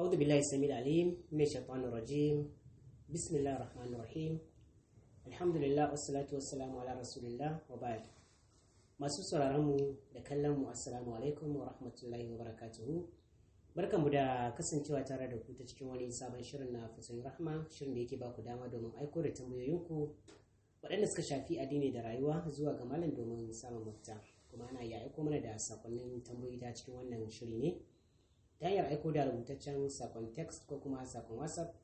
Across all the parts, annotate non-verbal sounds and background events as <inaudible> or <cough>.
أعوذ بالله السميع العليم من الشيطان الرجيم بسم الله الرحمن الرحيم الحمد لله والصلاة والسلام على رسول الله وبعد masu sauraron mu da kallon mu assalamu alaikum wa rahmatullahi wa barakatuhu mu da kasancewa tare da ku ta cikin wani sabon shirin na fasin rahma shirin da yake ba ku dama domin aiko da tambayoyinku waɗanda suka shafi addini da rayuwa zuwa ga malam domin samun mafita kuma ana iya aiko mana da sakonnin tambayoyi ta cikin wannan shiri ne ta hanyar aiko da rubutaccen sakon text ko kuma sakon whatsapp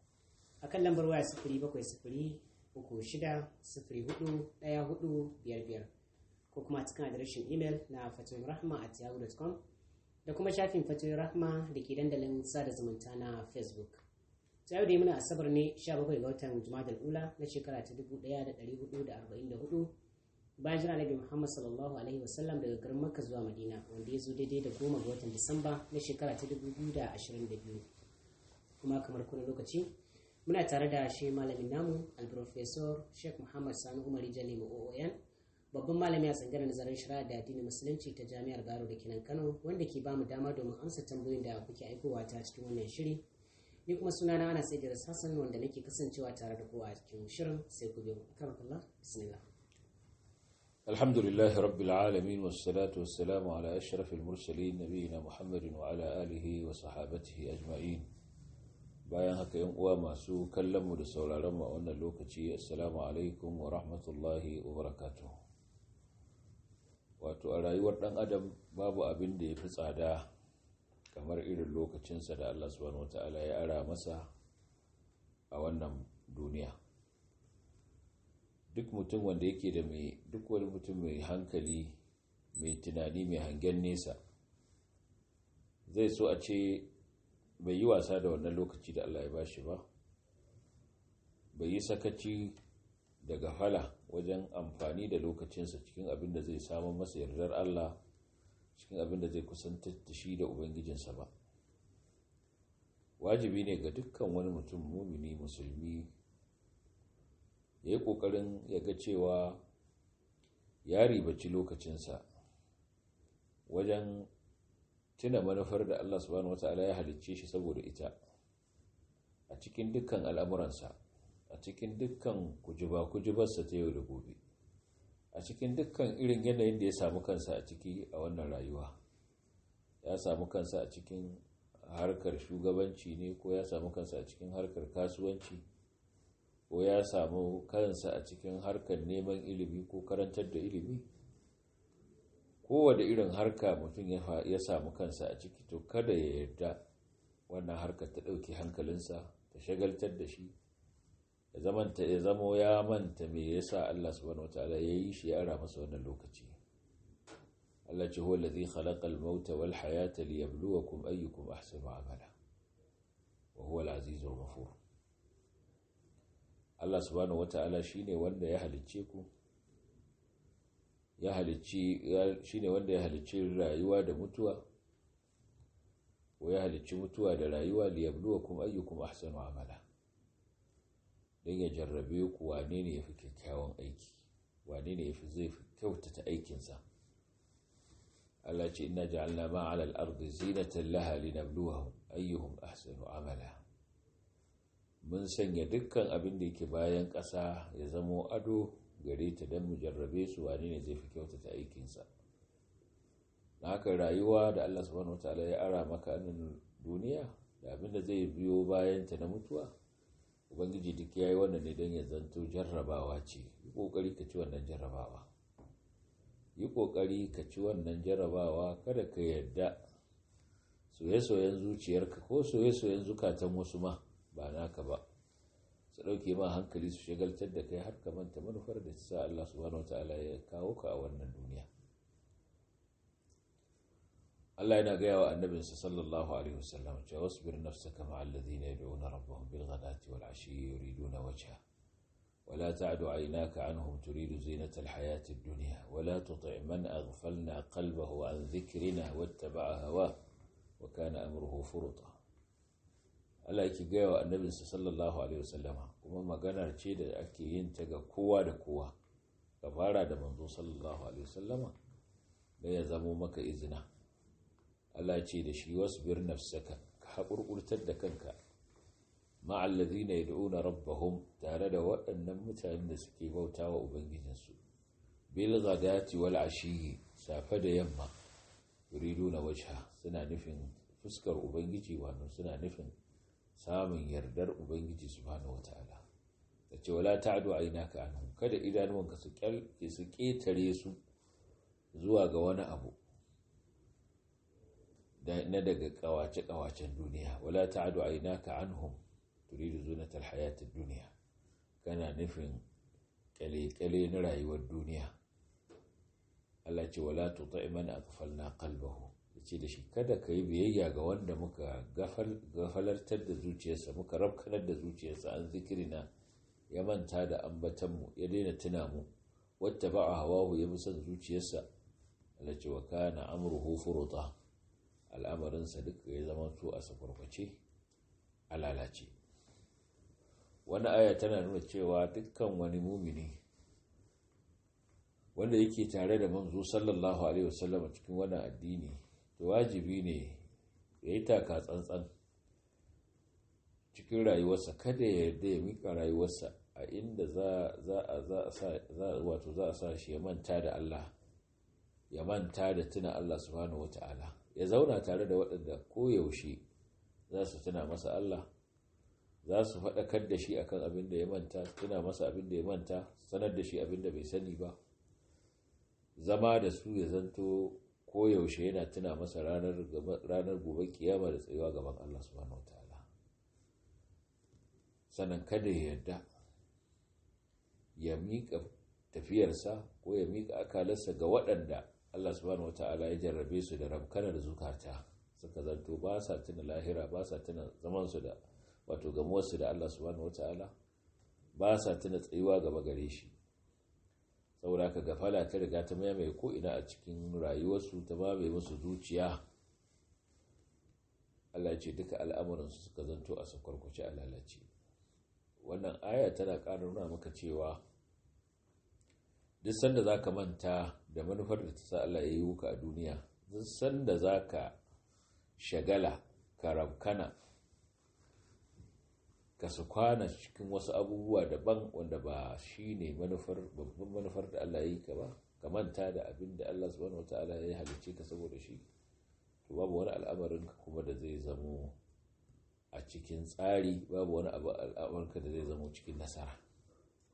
a kan lambar waya sifiri bakwai uku shida hudu ɗaya hudu biyar biyar ko kuma cikin adireshin imel na fatoyin rahma da kuma shafin fatoyin rahma da ke dandalin sada zumunta na facebook ta yau da muna asabar ne 17 ga watan jumadal ula na shekara ta 1444 bayan jira annabi Muhammad sallallahu alaihi wasallam daga garin Makka zuwa Madina wanda ya zo daidai da goma ga watan Disamba na shekara ta dubu biyu da da ashirin biyu, kuma kamar kuna lokaci muna tare da shi malamin namu al Sheikh Muhammad Sani Umar Jalli OON babban malami a tsangarar nazarin shari'a da addinin musulunci ta jami'ar garo da Kinan Kano wanda ke bamu dama domin amsa tambayoyin da kuke aikowa ta cikin wannan shiri ni kuma sunana ana sai da Hassan wanda nake kasancewa tare da kowa a cikin shirin sai ku biyo kan bismillah الحمد لله رب العالمين والصلاة والسلام على أشرف المرسلين نبينا محمد وعلى آله وصحابته أجمعين bayan haka yan uwa masu kallonmu da sauraronmu a wannan lokaci assalamu alaikum wa rahmatullahi wa barakatuh wato a rayuwar dan adam babu abin da ya fi tsada kamar irin lokacinsa da Allah subhanahu wata'ala ya ara masa a wannan duniya duk mutum wanda yake da mai duk wani mutum mai hankali mai tunani mai hangen nesa zai so a ce bai yi wasa da wannan lokaci da Allah ya ba shi ba bai yi sakaci daga hala wajen amfani da lokacinsa cikin abin da zai samun masa yardar Allah cikin abin da zai kusanta da shi da ubangijinsa ba wajibi ne ga dukkan wani mutum mumini musulmi ya yi ƙoƙarin ya ga cewa ya ribaci lokacinsa wajen tuna manufar da Allah subhanahu wata'ala ya halicce shi saboda ita a cikin dukkan al'amuransa a cikin dukkan kujiba-kujibarsa ta yau da gobe a cikin dukkan irin yanayin da ya samu kansa a ciki a wannan rayuwa ya samu kansa a cikin harkar shugabanci ne ko ya samu kansa a cikin harkar kasuwanci ko ya samu kansa a cikin harkar neman ilimi ko karantar da ilimi kowane irin harka mutum ya samu kansa a ciki to kada ya yarda wannan harkar ta ɗauki hankalinsa ta shagaltar da shi ya zamanta ya zamo ya manta me yasa Allah subhanahu wataala ya yi shi ya ara masa wannan lokaci Allah ce huwa allazi khalaqa al-mauta wal hayata liyabluwakum ayyukum ahsanu amala wa huwa al-azizul ghafur Allah subhanahu wata'ala shine wanda ya halicce ku ya halicci shine wanda ya halicci rayuwa da mutuwa wa ya halicci mutuwa da rayuwa liyabluwakum ayyukum ahsanu amala dan ya jarrabe ku wane ne yafi kyakkyawan aiki wane ne yafi zai fi kyautata aikinsa Allah ce inna ja'alna ma 'ala al-ardi zinatan laha linabluwahum ayyuhum ahsanu amala mun sanya dukkan abin da yake bayan ƙasa ya zamo ado gare ta don mu jarrabe su wane ne zai fi kyautata aikinsa na haka rayuwa da allah subhanahu wa ta'ala ya ara maka nan duniya da abin da zai biyo bayan ta na mutuwa ubangiji duk ya yi wannan ne don ya zanto jarrabawa ce yi ƙoƙari ka ci wannan jarrabawa yi ƙoƙari ka ci wannan jarrabawa kada ka yarda soye-soyen zuciyarka ko soye-soyen zukatan wasu ma ba naka ba su ɗauke ma hankali su shagaltar da kai har ka manta manufar da sa Allah subhanahu wataala ya kawo ka a wannan duniya Allah yana gaya wa annabinsa sallallahu alaihi wasallam cewa wasbir nafsaka ma alladhina yad'una rabbahum bil ghadati wal ashi yuriduna wajha ولا تعد عيناك عنهم تريد زينة الحياة الدنيا ولا تطع من أغفلنا قلبه عن ذكرنا واتبع هواه وكان أمره فرطا Allah yake gaya wa annabinsa sallallahu alaihi wasallama kuma maganar ce da ake yin ta ga kowa da kowa ka fara da manzo sallallahu alaihi wasallama da ya zamo maka izina Allah ce da shi wasbir nafsaka ka haƙurƙurtar da kanka ma'al ladina yad'una rabbahum tare da waɗannan mutanen da suke bauta wa ubangijinsu bil ghadati wal ashi safa da yamma yuriduna wajha suna nufin fuskar ubangiji wannan suna nufin samun yardar ubangiji su cewa la ta a wala ka an anhum kada idanuwanka su kyalke su ketare su zuwa ga wani abu na daga kawace kawacen duniya wala an hun turi da zunatal hayatid duniya kana nufin kyale na rayuwar duniya Allah ce wala tuta iman a na kalbahu ce da shi kada ka yi biyayya ga wanda muka gafalartar da zuciyarsa muka rafkanar da zuciyarsa an zikiri na, ya manta da ambatanmu ya daina tuna mu wata ba a hawahu ya bi son zuciyarsa alace wa kana amruhu furuta al'amarinsa duk ya zama to a sakwarkwace a lalace wani aya tana nuna cewa dukkan wani mumini wanda yake tare da manzo sallallahu alaihi wasallam cikin wannan addini ta wajibi ne ya yi taka tsantsan cikin rayuwarsa kada ya yarda ya miƙa rayuwarsa a inda za a sa shi ya manta da Allah ya manta da tuna Allah subhanahu wata'ala ya zauna tare da waɗanda koyaushe za su tuna masa Allah za su faɗakar da shi akan abin da ya manta tuna masa abin da ya manta sanar da shi abin da bai sani ba zama da su ya zanto koyaushe yana tuna masa ranar gobe kiyama da tsayuwa gaban Allah subhanahu wataala sannan kada ya yarda ya miƙa tafiyarsa ko ya mika akalarsa ga waɗanda Allah subhanahu wataala ya jarrabe su da rabkanar zukata suka zanto ba sa tuna lahira ba sa tuna zamansu da wato gamuwarsu da Allah subhanahu wataala ba sa tuna tsayuwa gaba gare shi saboda ka gafala ta riga ta mai ko ina a cikin rayuwarsu ta mamaye musu zuciya Allah ce duka al'amuransu suka zanto a sakwarkwace a lalace wannan aya tana ƙara nuna maka cewa duk sanda za ka manta da manufar da ta sa Allah ya yi wuka a duniya duk sanda za ka shagala karamkana ka su kwana cikin wasu abubuwa daban wanda ba shi ne babban manufar da Allah ya yi ka ba ka manta da abin da Allah subhanahu wataala ya halicce ka saboda shi to babu wani al'amarin ka kuma da zai zamo a cikin tsari babu wani abu ka da zai zamo cikin nasara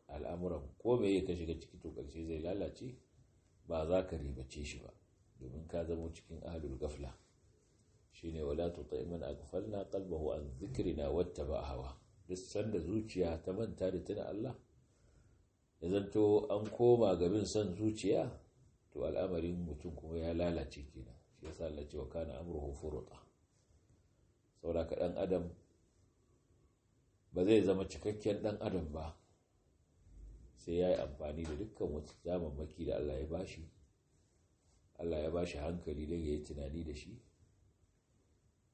al'amuran ko me ka shiga ciki to karshe zai lalace ba za ka ribace shi ba domin ka zamo cikin ahlul gafla shine wala tuta'iman aghfalna qalbahu an dhikrina wattaba hawa sanda zuciya ta manta da tuna Allah ya zanto an koma gabin son zuciya to al'amarin mutum kuma ya lalace kenan shi yasa Allah ce wa kana amruhu furuta saboda ka dan adam ba zai zama cikakken dan adam ba sai yayi amfani da dukkan wata damammaki da Allah ya bashi Allah ya bashi hankali da ya yi tunani da shi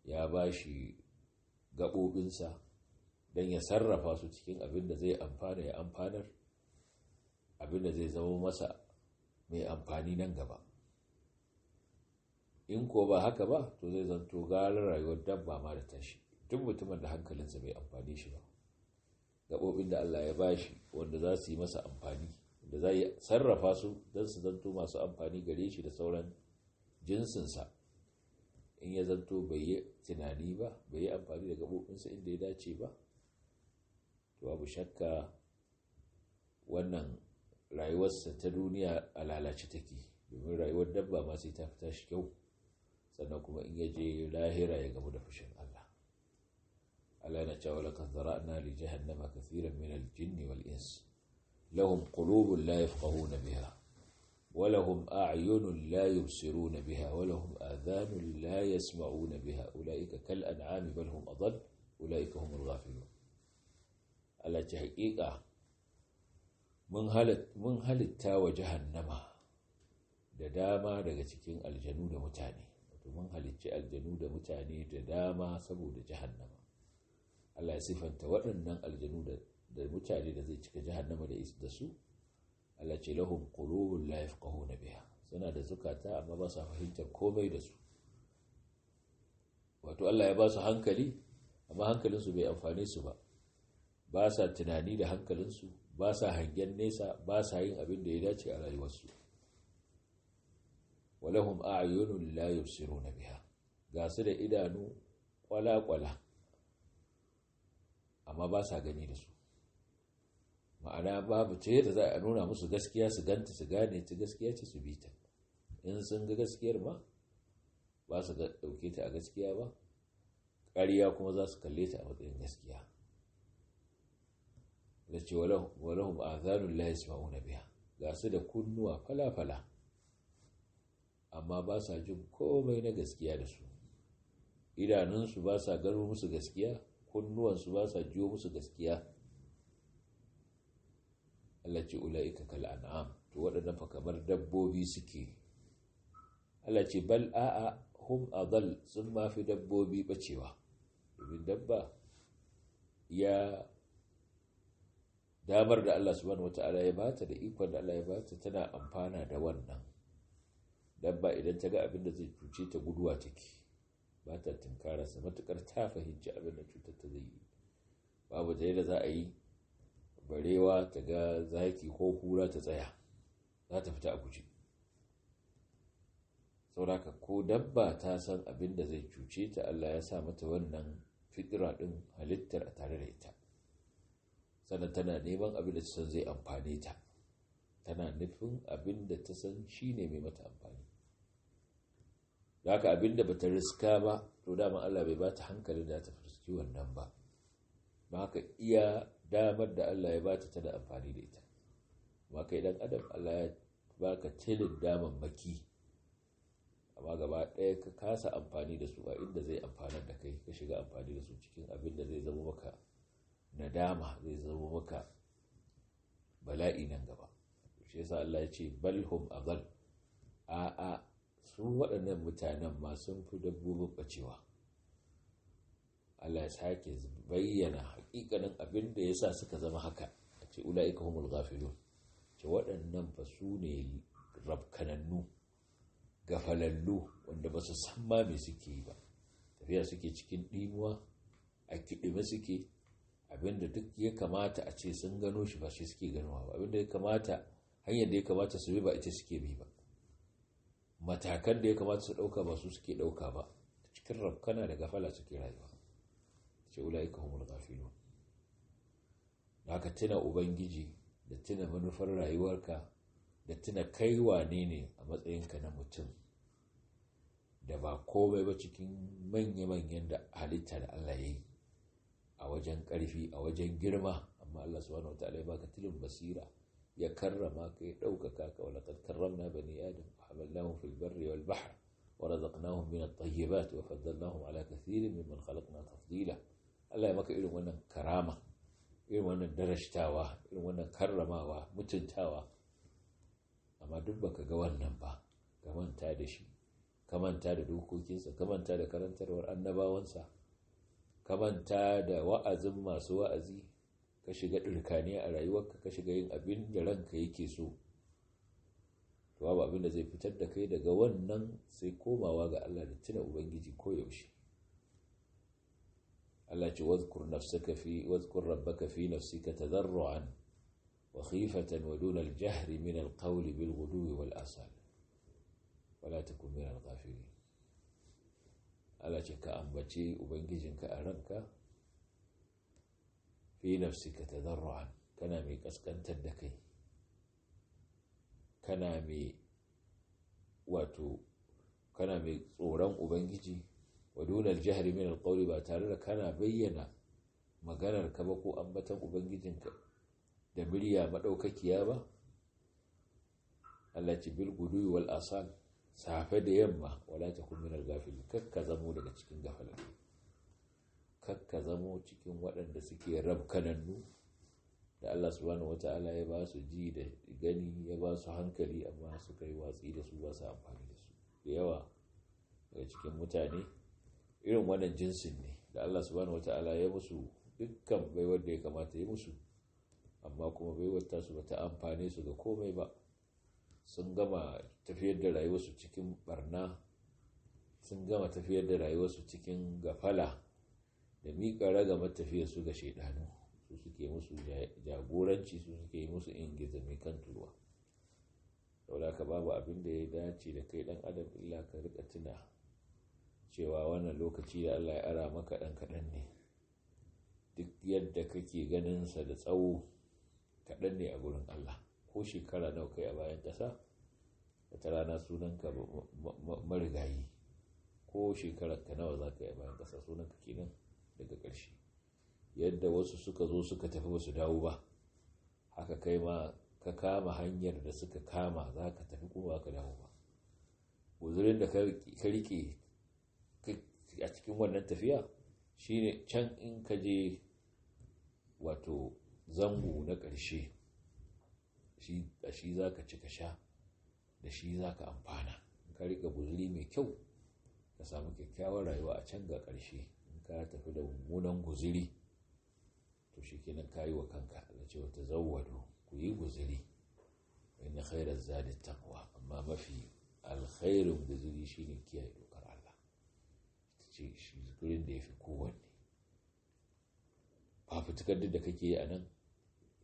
ya bashi gaɓoɓinsa don ya sarrafa su cikin abin da zai amfana ya amfanar abin da zai zama masa mai amfani nan gaba in ko ba haka ba to zai zanto galar rayuwar dabba ma da tashi duk mutumin da hankalinsa bai amfani shi ba gaɓoɓin da Allah ya bashi wanda za su yi masa amfani da za yi sarrafa su don su zanto masu amfani gare shi da sauran jinsinsa in ya zanto bai yi tunani ba bai yi amfani da gaɓoɓinsa inda ya dace ba babu shakka wannan rayuwarsa ta duniya a lalace take domin rayuwar dabba ma sai ta fita shi kyau sannan kuma in yaje lahira ya gamu da fushin Allah Allah na cewa laqad zara'na li jahannama kathiran min al-jinni wal ins lahum qulubun la yafqahuna biha ولهم أعين لا يبصرون بها ولهم آذان لا يسمعون بها أولئك كالأنعام بل هم أضل أولئك هم الغافلون Allah haƙiƙa mun halitta wa jahannama da dama daga cikin aljanu da mutane wato mun halicci aljanu da mutane da dama saboda jahannama Allah ya sifanta waɗannan aljanu da mutane da zai cika jahannama da da su Allah ce lahum laif ƙaho na biya suna da zukata amma ba su fahimtar komai da su wato Allah ya ba su hankali amma hankalinsu bai amfani su ba ba sa tunani da hankalinsu ba sa hangen nesa ba sa yin abin da ya dace a rayuwarsu walahum a'yunun la yubsiruna biha ga su da idanu kwala-kwala amma ba sa gani da su ma'ana babu ce da za a nuna musu gaskiya su ganta su gane ta gaskiya ce su bita in sun ga gaskiyar ma ba su dauke ta a gaskiya ba ƙarya kuma za su kalle ta a matsayin gaskiya da ce a azanun layis mauna biya. ga su da kunnuwa fala-fala amma ba sa jin komai na gaskiya da su idanunsu ba sa gano musu gaskiya kunnuwansu ba sa jiyo musu gaskiya Allah ce ula'ika kal an'am to waɗanda fa kamar dabbobi suke Allah ce bal a'a hum adal sun mafi dabbobi bacewa domin dabba ya damar da Allah subhanahu wata'ala ya bata da ikon da Allah ya bata tana amfana da wannan dabba idan ta ga abin da zai cuce ta guduwa take ba ta tunkararsa matukar ta fahimci abin da cutar ta zai yi babu ta da za a yi barewa ta ga zaki ko kura ta tsaya za ta fita a guje sauraka ko dabba ta san abin da zai cuce ta Allah ya sa mata wannan fitira ɗin halittar a tare da ita sannan tana neman abin da ta san zai amfane ta tana nufin abin da ta san shi ne mai mata amfani da haka abin da bata riska ba to dama Allah bai bata hankali da ta fuski wannan ba ba haka iya damar da Allah ya bata tana amfani da ita ba kai dan adam Allah ya ka tilin daman baki. amma gaba ɗaya ka kasa amfani da su a inda zai amfanar da kai ka shiga amfani da su cikin abin da zai zama maka nadama zai zama maka bala'i nan gaba shi yasa Allah ya ce balhum azal a a su waɗannan mutanen ma sun fi dabbobin bacewa Allah ya sake bayyana hakikanin abin da yasa suka zama haka a ce ula'ika humul ghafilun ce waɗannan fa su ne rabkanannu gafalallu wanda ba su san ma me suke yi ba tafiya suke cikin ɗimuwa a kiɗime suke abinda duk ya kamata a ce sun gano shi ba shi suke ganowa ba abinda ya kamata hanyar da ya kamata su bi ba ita suke bi ba matakan da ya kamata su ɗauka ba su suke ɗauka ba cikin rafkana da gafala suke rayuwa ce ula'ika humul gafilun da ka tuna ubangiji da tuna manufar rayuwarka da tuna kai wane ne a matsayinka na mutum da ba komai ba cikin manya-manyan da halitta da Allah ya yi a wajen ƙarfi a wajen girma amma Allah subhanahu wataala ya baka tilin basira ya karrama ka ya ɗaukaka ka wa laqad karramna bani adam wa hamalnahum fil barri wal bahr wa razaqnahum min at-tayyibat wa faddalnahum ala kathirin mimman khalaqna tafdila Allah ya maka irin wannan karama irin wannan darashtawa irin wannan karramawa mutuntawa amma duk baka ga wannan ba ka manta da shi ka manta da dokokinsa ka manta da karantarwar annabawansa Ka kamanta da wa'azin masu wa'azi ka shiga ɗirkaniya a rayuwarka ka shiga yin abin da ranka yake so ba abin da zai fitar da kai daga wannan sai komawa ga Allah da tuna ubangiji ko yaushe Allah ce wazkur nafsaka fi wazkur rabbaka fi nafsika tadarruan wa khifatan wa dun al-jahri min al-qawli bil wal asal wala takun min al-ghafilin Allah ce ka ambace ubangijinka a ranka fi ka tadarruan kana mai kaskantar da kai kana mai wato kana mai tsoron ubangiji wa dunal jahri min ba tare da kana bayyana maganar ka ba ko ambatan ubangijinka da murya maɗaukakiya ba Allah ce bil gudu wal asal safe da yamma wala ta kun minar gafili kakka zamo daga cikin gafalar kakka zamo cikin waɗanda suke rabkanannu da Allah subhanahu wata'ala ya ba su ji da gani ya ba su hankali amma suka yi watsi da su ba su amfani da su da yawa daga cikin mutane irin wannan jinsin ne da Allah subhanahu wata'ala ya musu dukkan baiwar da ya kamata ya musu amma kuma baiwar tasu ba ta amfane su ga komai ba sun gama tafiyar da rayuwarsu cikin barna sun gama tafiyar da rayuwarsu cikin gafala da miƙa ragamar tafiyarsu ga shaidanu su suke musu jagoranci su suke musu ingiza mai kan turuwa daula ka babu abin da ya dace da kai dan adam illa ka rika tuna cewa wannan lokaci da allah ya ara maka dan kaɗan ne duk yadda kake ganinsa da tsawo kaɗan ne a gurin allah ko shekara nawa kai a bayan ƙasa ta rana sunanka marigayi ko shekararka nawa za ka yi a bayan ƙasa sunanka kenan daga ƙarshe yadda wasu suka zo suka tafi ba su dawo ba haka kai ma ka kama hanyar da suka kama za ka tafi kuma ka dawo ba guzurin da ka rike a cikin wannan tafiya shine can in ka je wato zango na ƙarshe da shi za ka ci ka sha da shi za ka amfana in ka riƙa guzuri mai kyau ka samu kyakkyawar rayuwa a can ga ƙarshe in ka tafi da mummunan guzuri to shi kenan ka yi wa kanka da ce wata zawwado ku yi guzuri inna khairar zadi takwa amma mafi alkhairin guzuri shine kiyaye dokar Allah ce shi zikirin da ya fi kowanne fafutukar da kake yi a nan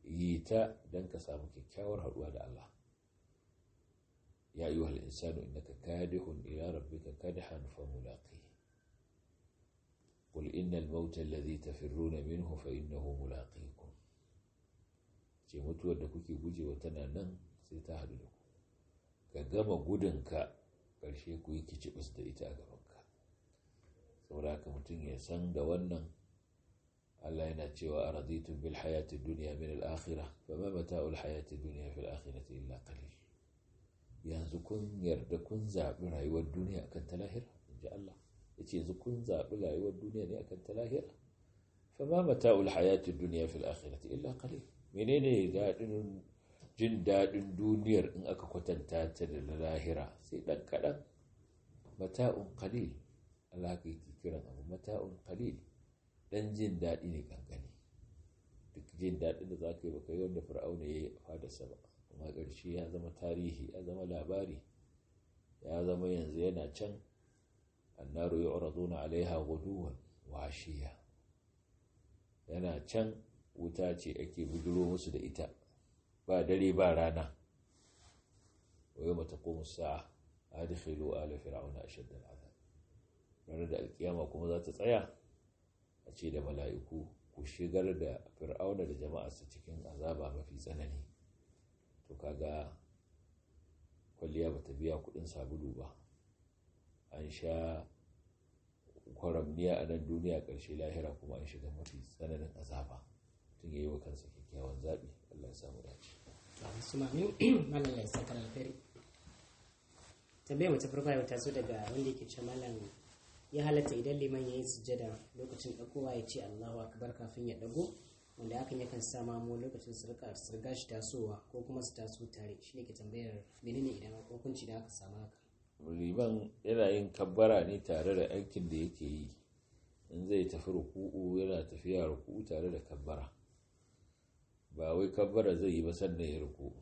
yi ta don ka samu kyakkyawar haɗuwa da Allah ya yi wahal ka innaka hun ila rabbika kadhan fa mulaqi ta innal mauta min hufa minhu fa innahu ku. ce mutuwar da kuke gujewa tana nan sai ta haɗu da ku ka gama gudunka ƙarshe ku yi kicibis da ita a gabanka Saura ka mutum ya san da wannan ألا ينأتي وأرضيتم بالحياة الدنيا من الآخرة فما متاع الحياة الدنيا في الآخرة إلا قليل يا ينزكن يردكن زعبنا والدنيا كانت لاهرة إن شاء الله يتيزكن زعبنا والدنيا كنت تلاهرة فما متاع الحياة الدنيا في الآخرة إلا قليل منين إذا جن داد الدنيا إن أكو كتن تاتر للاهرة سيدان كلام متاء قليل الله كي كرن متاء قليل ɗan jin daɗi ne kankani duk jin daɗin da za ka yi baka yi wanda fir'auna ya yi ba kuma ƙarshe ya zama tarihi ya zama labari ya zama yanzu yana can annaru ya uraduna alaiha guduwan washiya yana can wuta ce ake buduro musu da ita ba dare ba rana wa yau mata ko sa'a adkhilu ala fir'auna ashaddal azab ranar da alkiyama kuma za ta tsaya a ce da mala'iku ku shigar da fir'auna da jama'arsa cikin azaba mafi tsanani to kaga kwalliya bata biya kudin sabulu ba an sha kwaramniya a nan duniya ƙarshe lahira kuma an shiga mafi tsananin azaba tun yayi wa kansa kyakkyawan zaɓi Allah ya samu dace <clears throat> tambayar farko ta daga wanda yake ce malam ya halatta idan liman ya yi sujjada lokacin ɗagowa ya ce allahu akabar kafin ya ɗago wanda hakan yakan sa mamu lokacin surga shi tasowa ko kuma su taso tare shi ne ke tambayar menene idan hukunci da aka samu haka liman yana yin kabbara ne tare da aikin da yake yi in zai tafi ruku'u yana tafiya ruku'u tare da kabbara ba wai kabbara zai yi ba sannan ya ruku'u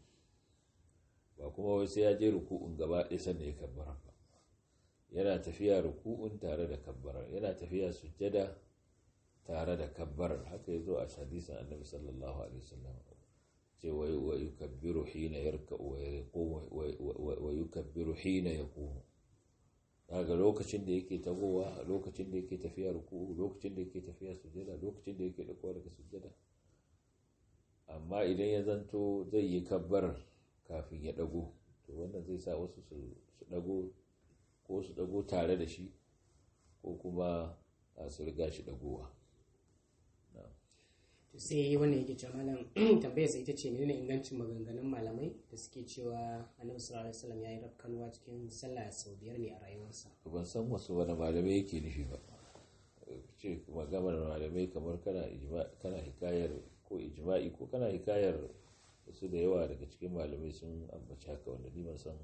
ba kuma wai sai ya je ruku'un gaba ɗaya sannan ya kabbara ba yana tafiya ruku'un tare da kabbarar yana tafiya sujjada tare da kabbarar haka yazo a hadisin annabi sallallahu alaihi wasallam ce wa yukabbiru hina yarka wa yaqumu wa yukabbiru hina yaqumu daga lokacin da yake tagowa lokacin da yake tafiya ruku'u lokacin da yake tafiya sujjada lokacin da yake dakowa daga sujjada amma idan ya zanto zai yi kabbar kafin ya dago to wannan zai sa wasu su dago ko su dago tare da shi ko kuma su riga shi dagowa to sai wannan yake cewa malam tambayar sai ita ce ne ingancin maganganun malamai da suke cewa annabi sallallahu alaihi wasallam yi rakkanwa cikin sallah sau biyar ne a rayuwarsa ban san wasu wani malamai yake nufi ba ce maganar malamai kamar kana kana hikayar ko ijma'i ko kana hikayar su da yawa daga cikin malamai sun ambaci haka wanda ni ban san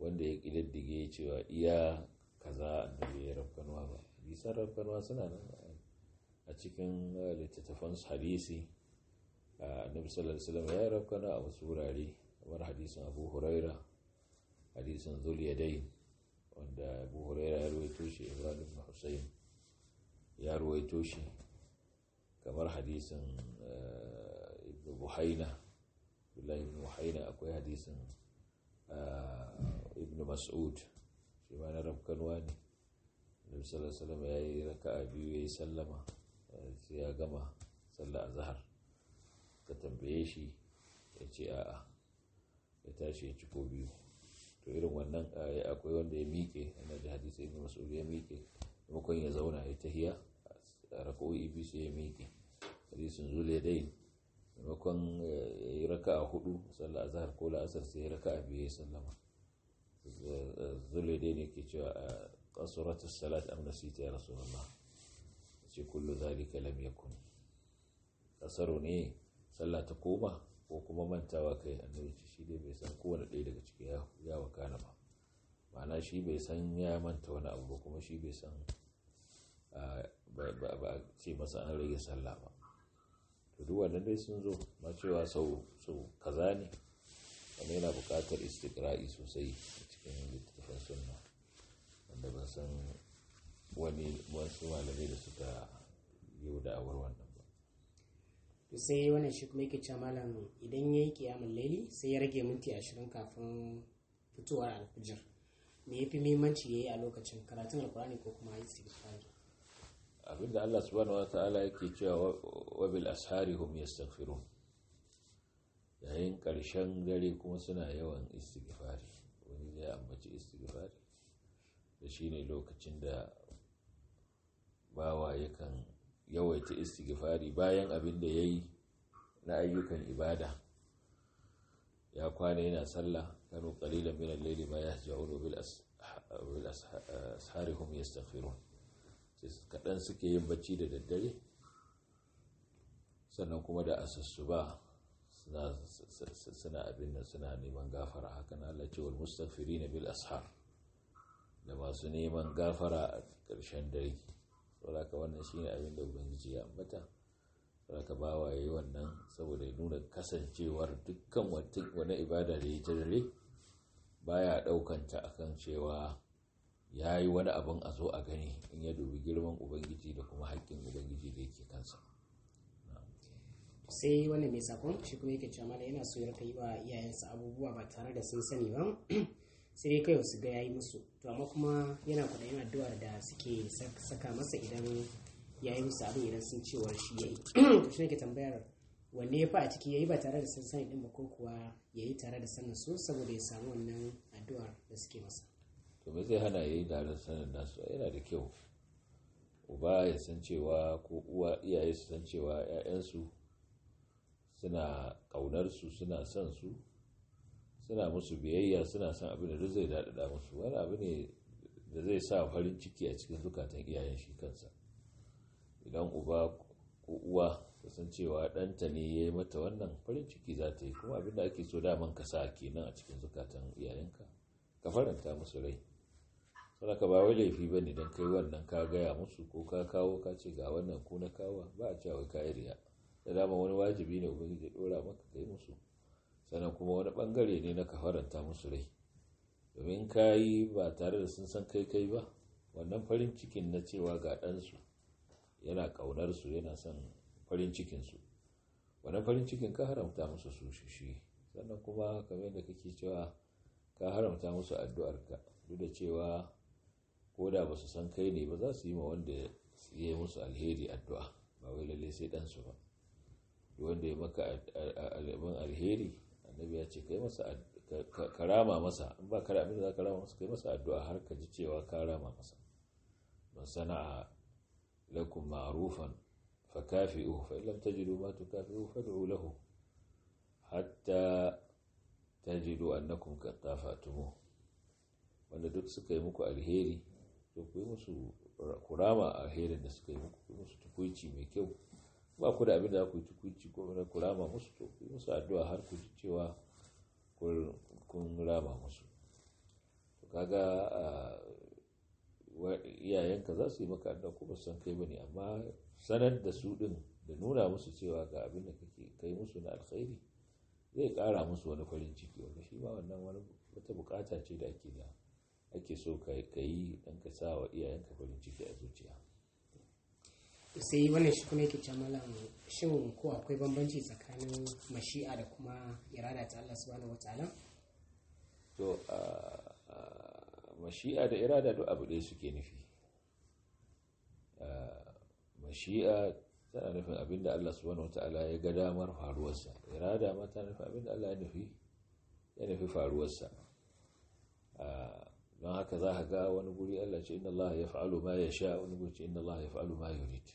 wanda ya ƙididdige cewa iya kaza da ya rafkanuwa ba bisan rafkanuwa suna nan a cikin littattafan hadisi annabi sallallahu alaihi wasallam ya rafkana a wasu wurare kamar hadisin abu huraira hadisin zuliyadai wanda abu huraira ya ruwaito shi ibrahim na hussein ya ruwaito shi kamar hadisin ibn buhaina abdullahi ibn buhaina akwai hadisin ibn mas'ud shi ma na rafkanuwa ne nabi sallallahu alaihi wasallam yayi raka'a biyu yayi sallama eh, sai ya gama sallar azhar ka tambaye shi ya ce a'a ya tashi ya ci ko biyu to irin wannan eh, akwai wanda ya mike ana da hadisi ibn mas'ud ya kuma kun ya zauna ya tahiya a raka'o'i biyu sai ya mike hadisin zule dai maimakon eh, ya yi raka'a hudu sallar azhar ko la'asar sai ya raka'a biyu ya sallama dai ne ke cewa a kasuratu salat am nasita ya rasulullah ce kullu zalika lam kuni. kasaro ne sallah ta koma ko kuma mantawa kai annabi ce shi dai bai san kowane ɗaya daga ciki ya wakana ba ma'ana shi bai san ya manta wani abu kuma shi bai san ba a ce masa an rage sallah ba to duk wannan dai sun zo ma cewa sau kaza ne wani yana buƙatar istikra'i sosai cikin littattafan sunna wanda ba san wani wasu malamai da suka yi da awar wannan ba to sai wannan shi kuma yake cewa malam idan ya yi kiyamun laili sai ya rage minti ashirin kafin fitowar alfijir me ya fi muhimmanci ya yi a lokacin karatun alkurani ko kuma yi abin abinda Allah subhanahu wa ta'ala yake cewa wa bil ashari hum yastaghfirun yayin karshen dare kuma suna yawan istighfari ya ambaci istighfari da shine lokacin da bawa yakan yawaita istighfari bayan abin da ya yi na ayyukan ibada ya kwana yana sallah kano qalilan min al-layli ma yahja'un bil bil asharihum yastaghfirun kadan suke yin bacci da daddare sannan kuma da asassuba suna abin da suna neman gafara haka Allah ce mustafiri na bil ashar da masu neman gafara a ƙarshen dare saboda wannan shine abin da ubangiji ya ambata saboda bawa yayi wannan saboda ya nuna kasancewar dukkan wani ibada da ya ta dare baya ɗaukanta akan cewa ya yi wani abin a zo a gani in ya dubi girman ubangiji da kuma haƙƙin ubangiji da yake kansa sai wanda mai sakon shi kuma yake cewa mala yana so ya yi wa iyayensa abubuwa ba tare da sun sani ba <clears throat> sai dai kawai su ga yayi musu to amma kuma yana kuɗa yana addu'a da suke saka masa idan yayi musu abin idan sun cewar shi yayi to <clears throat> shi yake tambayar wanne ya fa a ciki yayi ba tare da sun sani din ba ko kuwa yayi tare da sanin su saboda ya samu wannan addu'ar da suke masa to me zai hana yayi da sanin nasu yana da kyau uba ya san cewa ko uwa iyaye su san cewa 'ya'yansu suna ƙaunarsu suna son su suna musu biyayya suna son abin da duk zai daɗaɗa musu wani abu ne da zai sa farin ciki a cikin zukatan iyayen shi kansa idan uba ko uwa san cewa ɗanta ne ya yi mata wannan farin ciki za ta yi kuma abin da ake so daman ka sa kenan a cikin zukatan iyayenka ka faranta musu rai sana ka ba wai laifi ba ne don kai wannan ka gaya musu ko ka kawo ka ce ga wannan ko na kawo ba a cewa ka yi riya da dama wani wajibi ne ubangiji ya dora maka kai musu sannan kuma wani bangare ne na ka haramta musu rai domin ka yi ba tare da sun san kai kai ba wannan farin cikin na cewa ga ɗansu yana ƙaunar su yana son farin cikin su wannan farin cikin ka haramta musu su shi sannan kuma kamar yadda kake cewa ka haramta musu addu'arka duk da cewa ko da ba su san kai ne ba za su yi ma wanda ya musu alheri addu'a ba wai lalle sai ɗansu ba wanda ya maka abin alheri annabi ya ce ka rama karama masa in ba ka da za ka rama masa kai masa addu'a har ka ji cewa ka rama masa man sana'a lakum ma'rufan fakafi'u fa in lam jiru ma tukafi'u fad'u lahu hatta ta annakun annakum qad tafatumu wanda duk suka yi muku alheri to ku yi musu kurama alherin da suka yi muku ku yi musu tukuici mai kyau ba ku da abin da ku yi tukunci ko na ku rama musu to ku musu addu'a har ku ji cewa kun rama musu to kaga iyayenka za su yi maka addu'a ko ba san kai bane amma sanar da su din da nuna musu cewa ga abin da kake kai musu na alkhairi zai kara musu wani farin ciki wanda shi ma wannan wani wata bukata ce da ake da ake so ka yi dan ka sa wa iyayenka farin ciki a zuciya sai wannan shi kuma yake ce malam shin ko akwai bambanci tsakanin mashi'a da kuma irada ta Allah subhanahu wataala to mashi'a da irada duk abu ɗaya suke nufi mashi'a tana nufin abin da Allah subhanahu wataala ya ga damar faruwarsa irada ma tana nufin abin da Allah ya nufi ya nufi faruwarsa don haka za ka ga wani guri Allah ce inna Allah ya fa'alu ma ya sha wani guri ce inna Allah ya fa'alu ma ya yurid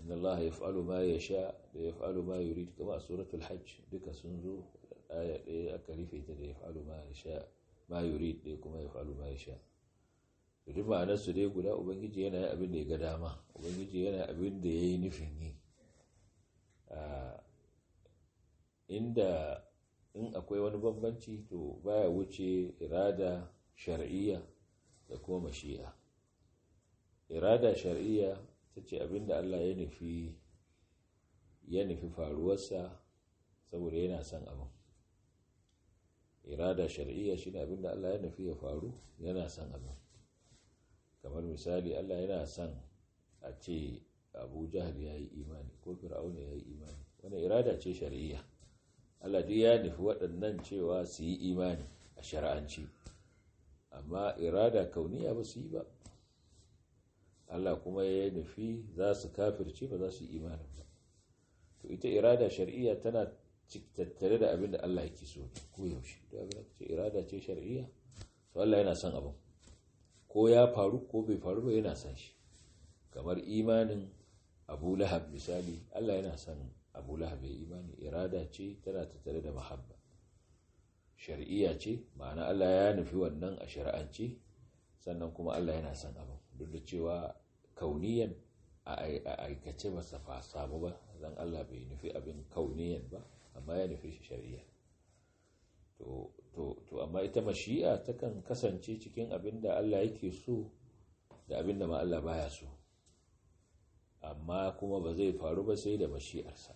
inna Allah ya ma ya sha da ya fa'alu ma yuri kama a suratul hajj duka sun zo aya ɗaya aka rufe ta da ya fa'alu ma ya sha ma yuri ɗaya kuma ya ma ya sha da duk dai guda ubangiji yana yi abin da ya ga dama ubangiji yana abin da ya yi nufin ni. inda in akwai wani bambanci to baya wuce irada shar'iyya da kuma mashi'a irada shar'iyya ta ce abinda Allah ya nufi ya nufi faruwarsa saboda yana son abin irada shar'iyya shine abinda Allah ya nufi ya faru yana son abin kamar misali Allah yana son a ce Abu Jahl ya yi imani ko Fir'aun ya yi imani wani irada ce shar'iyya Allah duk ya nufi waɗannan cewa su yi imani a shar'anci amma irada kauniya ba su yi ba Allah kuma ya nufi za su kafirci ba za su yi imanin ba to ita irada shar'iyya tana tattare da abin da Allah yake so ko yaushe to abin ita ce irada ce shar'iyya to Allah yana son abin ko ya faru ko bai faru ba yana son shi kamar imanin Abu Lahab misali Allah yana son Abu Lahab ya imani irada ce tana tattare da mahabba shar'iyya ce ma'ana Allah ya nufi wannan a shari'ance sannan kuma Allah yana son abin duk da cewa kauniyan a aikace ba safa samu ba zan Allah bai nufi abin kauniyan ba amma ya nufi shi shari'a to amma ita mashi'a takan kasance cikin abin da Allah yake so da abin da ma Allah baya so amma kuma ba zai faru ba sai da mashi'arsa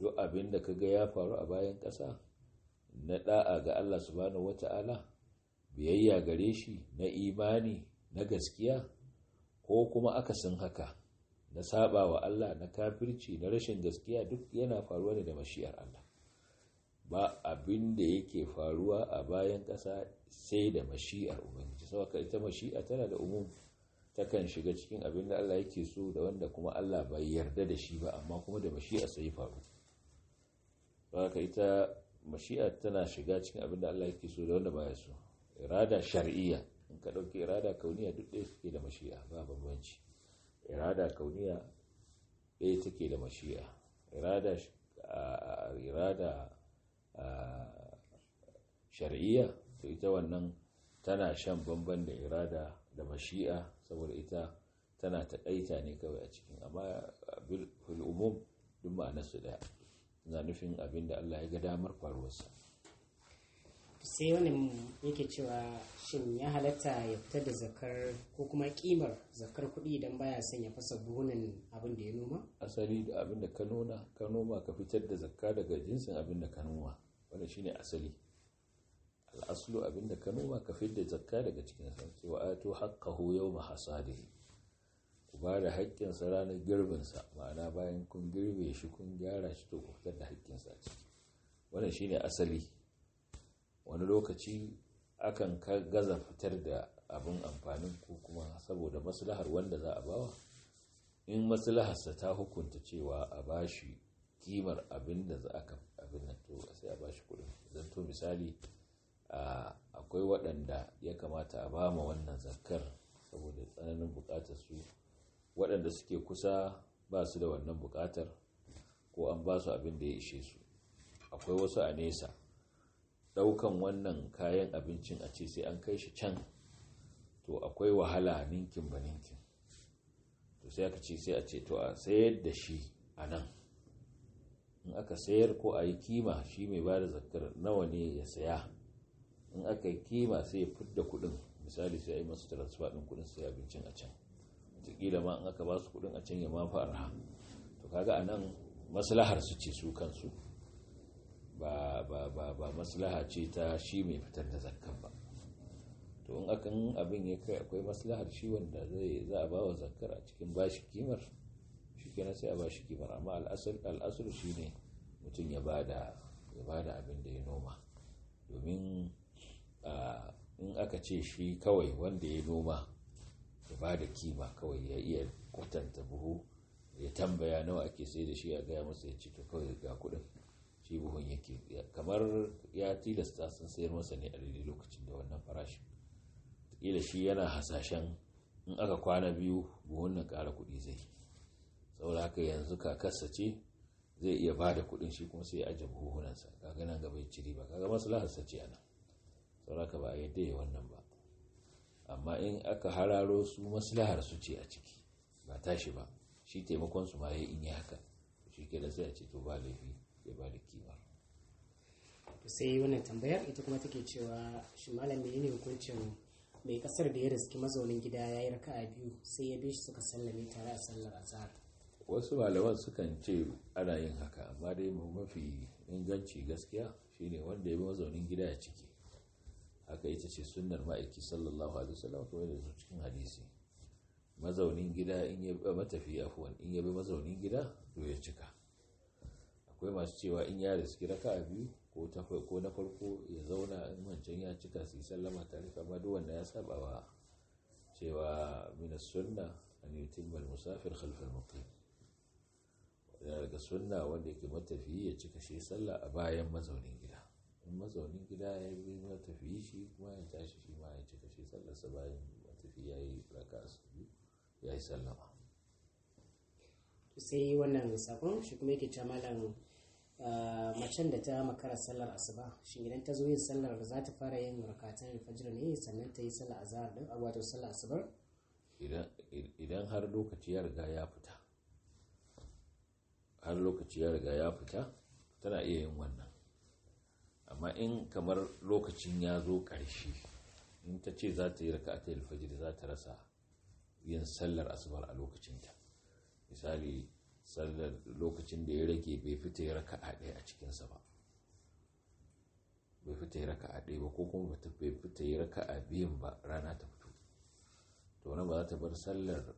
duk abin da kaga ya faru a bayan ƙasa na ɗa'a ga Allah subhanahu wata'ala biyayya gare shi na imani na gaskiya ko kuma aka akasin haka na saba wa Allah na kafirci na rashin gaskiya duk yana faruwa ne da mashiyar Allah ba abin da yake faruwa a bayan ƙasa sai da mashiyar ubangiji saboda ita mashi'a tana da umum takan shiga cikin abin da Allah yake so da wanda kuma Allah bai yarda da shi ba amma kuma da mashi'a sai faru saboda ita mashi'a tana shiga cikin abin da Allah yake so da wanda baya so irada shar'iyya in ka ɗauki irada kauniya duk ɗaya suke da mashi'a ba bambanci irada kauniya ɗaya take da mashi'a irada irada shar'iyya to ita wannan tana shan bamban da irada da mashi'a saboda ita tana taƙaita ne kawai a cikin amma bil umum duk ma'anarsu ɗaya na nufin abin da Allah ya ga damar faruwarsa sai wani yake cewa shin ya halatta ya fitar da zakar ko kuma kimar zakar kuɗi idan baya son ya fasa buhunan abin da ya noma asali da abin da ka noma ka noma ka fitar da zakka daga jinsin abin da ka noma wannan shine asali al'aslu abin da ka noma ka fitar da zakka daga cikin sa cewa ato yau ma hasadihi ku ba da haƙƙinsa ranar girbin sa, ma'ana bayan kun girbe shi kun gyara shi to ku fitar da haƙƙinsa ciki wannan shine asali wani lokaci akan gaza fitar da abin amfanin ko kuma saboda maslahar wanda za a bawa in maslaharsa ta hukunta cewa a bashi kimar abin da za aka abin nan to sai a bashi kudin zan to misali akwai waɗanda ya kamata a ba ma wannan zakar saboda tsananin bukatar su waɗanda suke kusa ba su da wannan buƙatar ko an ba su abin da ya ishe su akwai wasu a nesa Daukan wannan kayan abincin a ce sai an kai shi can to akwai wahala ninkin ba ninkin to sai aka ce sai a ce to a sayar da shi a nan in aka sayar ko a yi kima shi mai ba da zakar nawa ne ya saya in aka yi kima sai ya fidda kuɗin misali sai a yi masu transfer ɗin kuɗin sai abincin a can wataƙila ma in aka ba su kuɗin a can ya mafi arha to kaga a nan maslahar su ce su kansu ba maslaha ce ta shi mai fitar da zakkan ba to in akan abin ya kai akwai maslahar shi wanda zai za a bawa zakkar a cikin bashi kimar shi kenan sai a bashi kimar amma al'asar al'asar shine mutum ya bada ya bada abin da ya noma domin in aka ce shi kawai wanda ya noma ya bada kima kawai ya iya kwatanta buhu ya tambaya nawa ake sai da shi a gaya masa ya ci to kawai ga kuɗin shi buhun yake kamar ya tilasta sun sayar masa ne a daidai lokacin da wannan farashin ila shi yana hasashen in aka kwana biyu buhun na kara kuɗi zai saboda haka yanzu kakarsa ce zai iya ba da kuɗin shi kuma sai ya ajiye buhunansa kaga nan gaba ya ciri ba kaga maslaharsa ce ana saboda haka ba a yadda ya wannan ba amma in aka hararo su maslahar su ce a ciki ba tashi ba shi taimakon su ma ya in yi haka shi ke da sai a ce to ba laifi ya ba da kimar sai wannan tambayar ita kuma take cewa shi malam ne hukuncin mai kasar da ya riski mazaunin gida ya yi raka a biyu sai ya bi shi suka sallame tare a sallar azhar wasu malaman sukan ce ana yin haka amma dai mafi inganci gaskiya shine wanda ya bi mazaunin gida ya ciki haka ita ce sunnar ma'aiki sallallahu alaihi wasallam kuma da cikin hadisi mazaunin gida in ya matafiya afuwan in ya bi mazaunin gida to ya cika akwai masu cewa in ya riski raka biyu ko ta ko na farko ya zauna in wancan ya cika su sallama tare kamar duk wanda ya saba wa cewa min sunna an yutimma al-musafir khalf al-muqim da daga sunna wanda yake matafi ya cika shi sallah a bayan mazaunin gida in mazaunin gida ya yi matafi shi kuma ya tashi shi ma ya cika shi sallah sa bayan matafi ya yi raka su ya yi sallama sai wannan sakon shi kuma yake ta malam Eh, macen da ta makara sallar asuba shin idan ta zo yin sallar da za ta fara yin rakatan fajr ne sannan ta yi sallar azhar din wato sallar asubar idan har lokaci ya riga ya fita har lokaci ya riga ya fita tana iya yin wannan amma in kamar lokacin ya zo ƙarshe in ta ce za ta yi rakatan fajr za ta rasa yin sallar asubar a lokacinta misali sallar lokacin da ya rage bai fita ya raka a ɗaya a cikinsa ba bai fita ya raka a ɗaya ba ko kuma bai fita ya raka a biyun ba rana ta fito to wani ba za ta bar sallar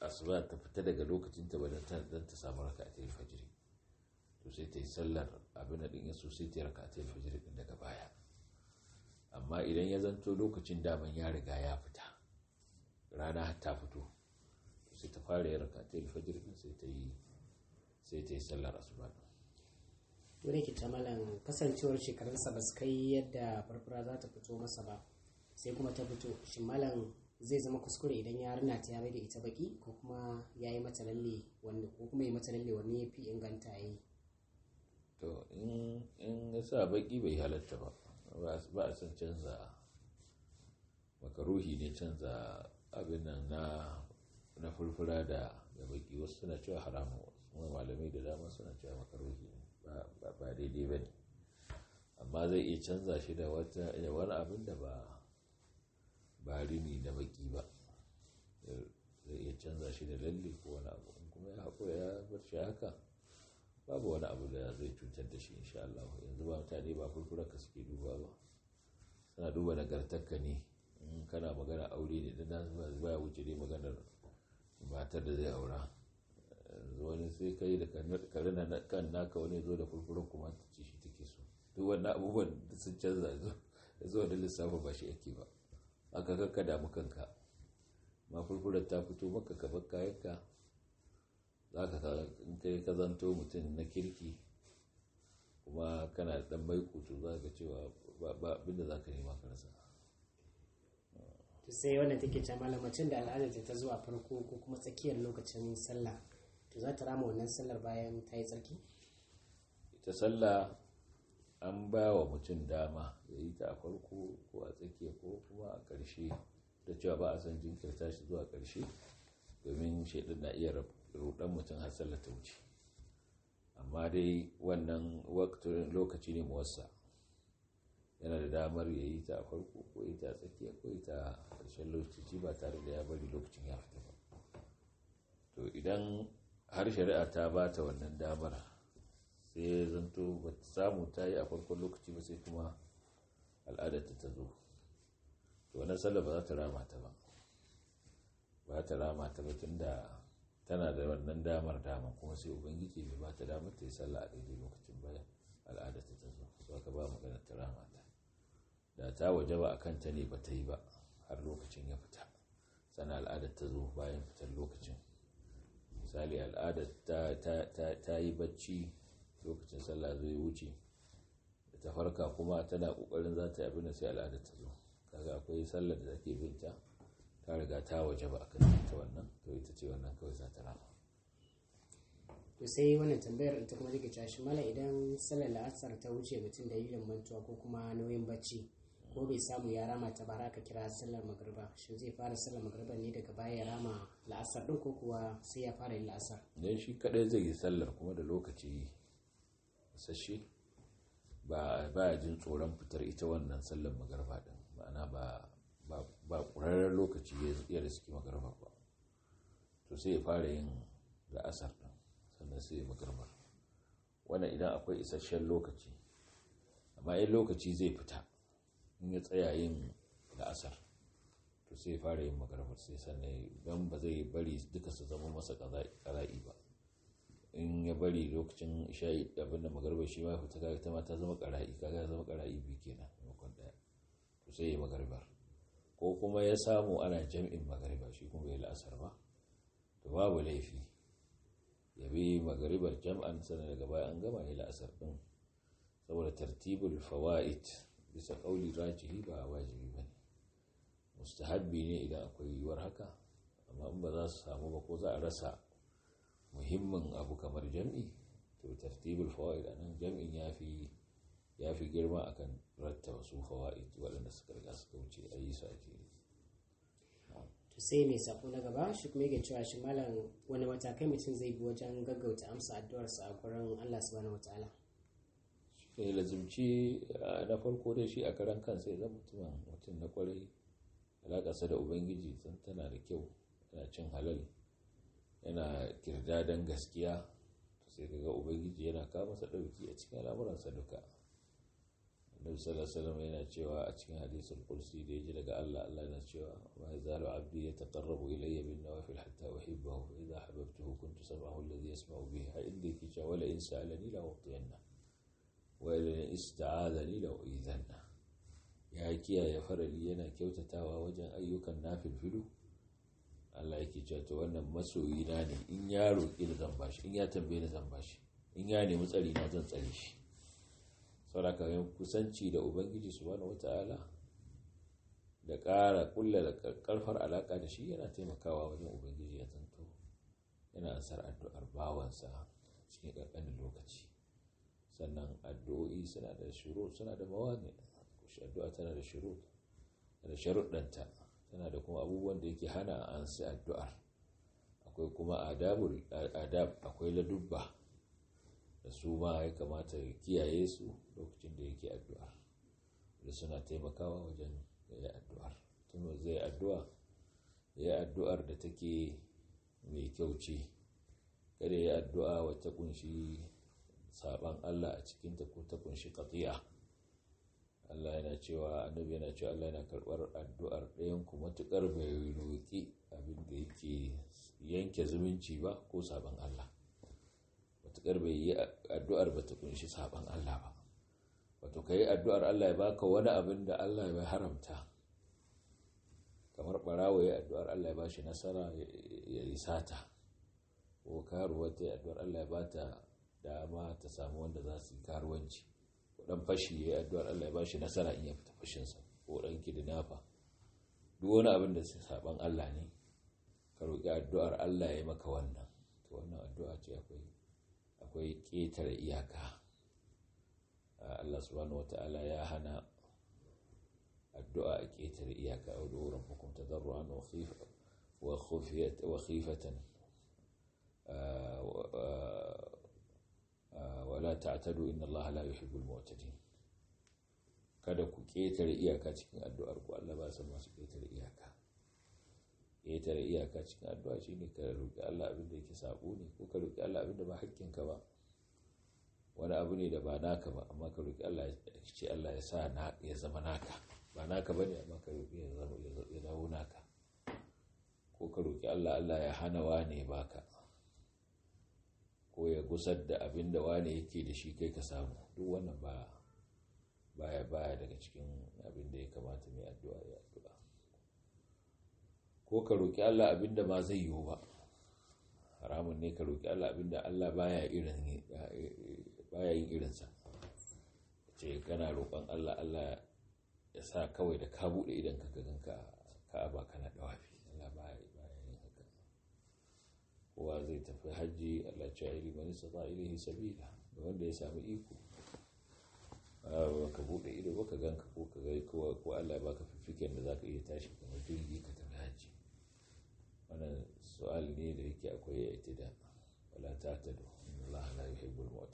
asuba ta fita daga lokacin ta bada ta dan ta samu raka a tayi fajiri to sai ta yi sallar abin da din ya so sai ta raka a fajiri din daga baya amma idan ya zanto lokacin daman ya riga ya fita rana ta fito sai ta fara yin raka ta fajiri din sai ta yi sai ta yi sallar asuba to ke ta malam kasancewar shekarunsa ba su kai yadda farfara za ta fito masa ba sai kuma ta fito shi malam zai zama kuskure idan ya rina ta ya da ita baki ko kuma ya yi mata lalle wani ko kuma ya mata lalle wani ya fi inganta ya yi to in ya sa baki bai halatta ba ba a san canza ruhi ne canza abin nan na na furfura da da baki wasu suna cewa haramun kuma malamai da dama suna cewa makaruhi ne ba daidai ba ne amma zai iya canza shi da wani abin da ba ba rini na baki ba zai iya canza shi da lalle ko wani abu kuma ya haƙo ya bar haka babu wani abu da zai cutar da shi insha Allah yanzu ba mutane ba furfura ka suke duba ba suna duba nagartarka ne in kana magana aure ne dan ba ya wuce dai maganar matar da zai aura wani sai kai da kare na kan naka wani zo da furfuran kuma ta ci shi take so duk wannan abubuwan sun canza yanzu zo da lissafa ba shi ake ba aka kakka damu kanka ma furfuran ta fito maka ka bar kayanka za ka in kai ka zanto mutum na kirki kuma kana da dan maiko kutu za ka cewa ba abinda za ka nema ka rasa sai wannan take ce malamacin da al'adar ta zuwa farko ko kuma tsakiyar lokacin sallah za ta rama wannan sallar bayan ta yi tsarki ita sallah an ba wa mutum dama ya yi ta a farko ko a tsakiya ko kuma a ƙarshe da cewa ba a san jinkirta shi zuwa ƙarshe domin shaidan na iya rudan mutum har sallar ta wuce amma dai wannan lokaci ne muwassa yana da damar ya yi ta a farko ko yi ta tsakiya ko yi ta ƙarshen lokaci ba tare da ya bari lokacin ya fita ba to idan har shari'a ta ba ta wannan damar sai zanto ba ta samu ta yi a farkon lokaci ba sai kuma al'adar ta ta zo to wani sallar ba za ta rama ta ba ba ta rama ta ba tun da tana da wannan damar dama kuma sai ubangiji bai ba ta damar ta yi sallah a daidai lokacin ba al'adar ta zo so aka ba magana ta rama ta da ta waje ba a kanta ne ba ta yi ba har lokacin ya fita sana al'adar ta zo bayan fitar lokacin misali al'ada ta yi bacci lokacin sallah zai wuce da ta farka kuma tana kokarin za ta abinda sai al'ada ta zo kaga akwai sallar da take binta ta riga ta waje ba akan ta wannan to ita ce wannan kawai za ta rama to sai wannan tambayar ta kuma take cewa shi mala idan sallar la'asar ta wuce mutum da yi mantuwa ko kuma nauyin bacci ko bai samu ya rama ta bara ka kira sallar magriba shi zai fara sallar magriba ne daga baya ya rama la'asar din ko kuwa sai ya fara yin la'asar dan shi kadai zai yi sallar kuma da lokaci sashi ba ba jin tsoron fitar ita wannan sallar magriba din ma'ana ba ba ba lokaci ya suke magariba ba to sai ya fara yin la'asar din sannan sai ya magariba wannan idan akwai isasshen lokaci amma yin lokaci zai fita in ya tsaya yin la'asar to sai ya fara yin magarba sai sannan don ba zai bari duka su zama masa ƙara'i ba in ya bari lokacin isha'i abin da magarba shi ma fita kaga ta ma ta zama ƙara'i kaga zama ƙara'i biyu kenan makon ɗaya to sai ya magarbar ko kuma ya samu ana jam'in magariba shi kuma ya la'asar ba to babu laifi ya bi magaribar jam'an sannan daga baya an gama ya la'asar ɗin saboda tartibul fawa'id bisa ƙauli rajihi ba wajibi ba ne mustahabbi ne idan akwai yiwuwar haka amma in ba za su samu ba ko za a rasa muhimmin abu kamar jam'i to tartibul fawaid anan jam'in ya fi ya fi girma akan rattaba su fawaid waɗanda suka riga suka wuce a yi su a to sai mai sako na gaba shi kuma yake cewa shi malam wani matakai mutum zai bi wajen gaggauta amsa addu'arsa a gurin Allah subhanahu wataala ya lazimci na farko dai shi a karan kansa ya zama mutum na kwarai alakasa da ubangiji san tana da kyau yana cin halal yana kirdadan gaskiya sai ga ubangiji yana kama sa ɗauki a cikin al'amuransa duka annabi sallallahu yana cewa a cikin hadisul kursi da ya ji daga Allah Allah yana cewa wa yazalu abdi yataqarrabu ilayya bin nawafil hatta uhibbahu idha ahbabtuhu kuntu sam'ahu alladhi yasma'u bihi ha inda ke cewa wala in sa'alani la u'tiyanna wajen ista'aza ni da izanna ya kiyaye farali yana kyautatawa wajen ayyukan nafilfilu Allah yake cewa to wannan masoyi na ne in ya roƙi da zan bashi in ya tambaye da zan bashi in ya nemi tsari na zan tsare shi saboda yin kusanci da ubangiji subhanahu wataala da ƙara ƙulla da ƙarfar alaka da shi yana taimakawa wajen ubangiji ya zanto yana ansar addu'ar bawansa cikin ƙanƙanin lokaci sannan addu'o'i suna da shuru suna da mawani addu'a tana da shuru da sharuɗanta tana da kuma abubuwan da yake hana an sai addu'ar akwai kuma adab akwai ladubba da su ma ya kamata ya kiyaye su lokacin da yake addu'ar da suna taimakawa wajen ya addu'ar tun zai addu'a ya addu'ar da take mai kyau ce kada ya addu'a wata kunshi saban Allah a cikinta ko ta kunshi qati'a Allah yana cewa annabi yana cewa Allah yana karbar addu'ar ɗayan ku matukar bai roki abin da yake yanke zumunci ba ko saban Allah matukar bai yi addu'ar ba ta kunshi saban Allah ba wato kai addu'ar Allah ya baka wani abin da Allah ya haramta kamar barawo ya addu'ar Allah ya bashi nasara ya sata ko karuwa ta addu'ar Allah ya bata dama ta samu wanda za su yi karuwanci dan fashi ya yi addu'ar Allah ya ba shi nasara in ya fita fashinsa ko dan kidnafa duk wani abin da sai saban Allah ne ka roƙi addu'ar Allah ya yi maka wannan to wannan addu'a ce akwai ƙetare iyaka Allah subhanahu wata'ala ya hana addu'a a ƙetare iyaka a wurin hukunta wa khifatan ah, ah, Ah, wala ta'tadu inna allaha la yuhibbul mu'tadin kada ku ketare iyaka cikin addu'ar ku Allah ba sa masu ketare iyaka ketare iyaka cikin addu'a shine ka roki Allah abin da yake sabo ne ko ka roki Allah abin da ba hakkin ka ba wani abu ne da ba naka ba amma ka roki Allah ya ce Allah ya sa na ya zama naka ba naka bane amma ka roki ya zama ya zama naka ko ka roki Allah Allah ya hana ne baka ko ya gusar da abin da wane yake da shi kai ka samu duk wannan ba baya baya daga cikin abin da ya kamata mai addu'a ya addu'a ko ka roƙi Allah abin da ba zai yiwu ba haramun ne ka roƙi Allah abin da Allah baya irin baya yin irinsa ce kana roƙon Allah Allah ya sa kawai da ka buɗe idan ka ganka ka ba kana dawafi kowa zai tafi hajji Allah cewa iri mani sata ilihi sabila da wanda ya samu iko ka buɗe ido ba ka ganka ko ka gai kowa ko Allah ba ka fifiken da zaka iya tashi kamar jirgi ka tafi hajji wannan su'al ne da yake akwai ya ita da wala ta ta do Allah la yuhibbul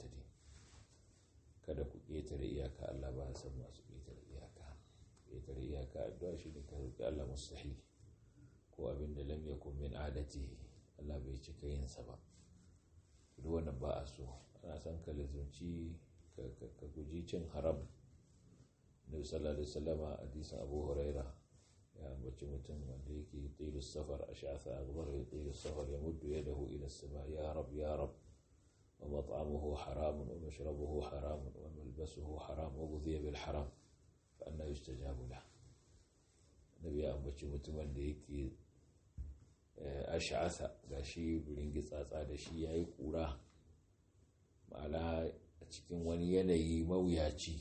kada ku ƙetare iyaka Allah ba san masu ƙetare iyaka ƙetare iyaka addu'a shi ne ka roƙi Allah mustahi ko abin da lam yakun min adatihi Allah bai cika yinsa ba duk wannan ba a so ana son ka lazumci ka guji cin haram na sallallahu alaihi a hadisin abu huraira ya ambaci mutum wanda yake tsiru safar a shafa a gabar ya tsiru safar ya muddu ya dahu ila sama ya rab ya rab wa mat'amuhu haramun wa mashrabuhu haramun wa malbasuhu haram wa ghudhiya bil haram fa anna yustajabu lahu nabi ya ambaci mutumin da yake Eh, asha'asa ga shi tsatsa da shi ya yi ƙura ma'ana a cikin wani yanayi mawuyaci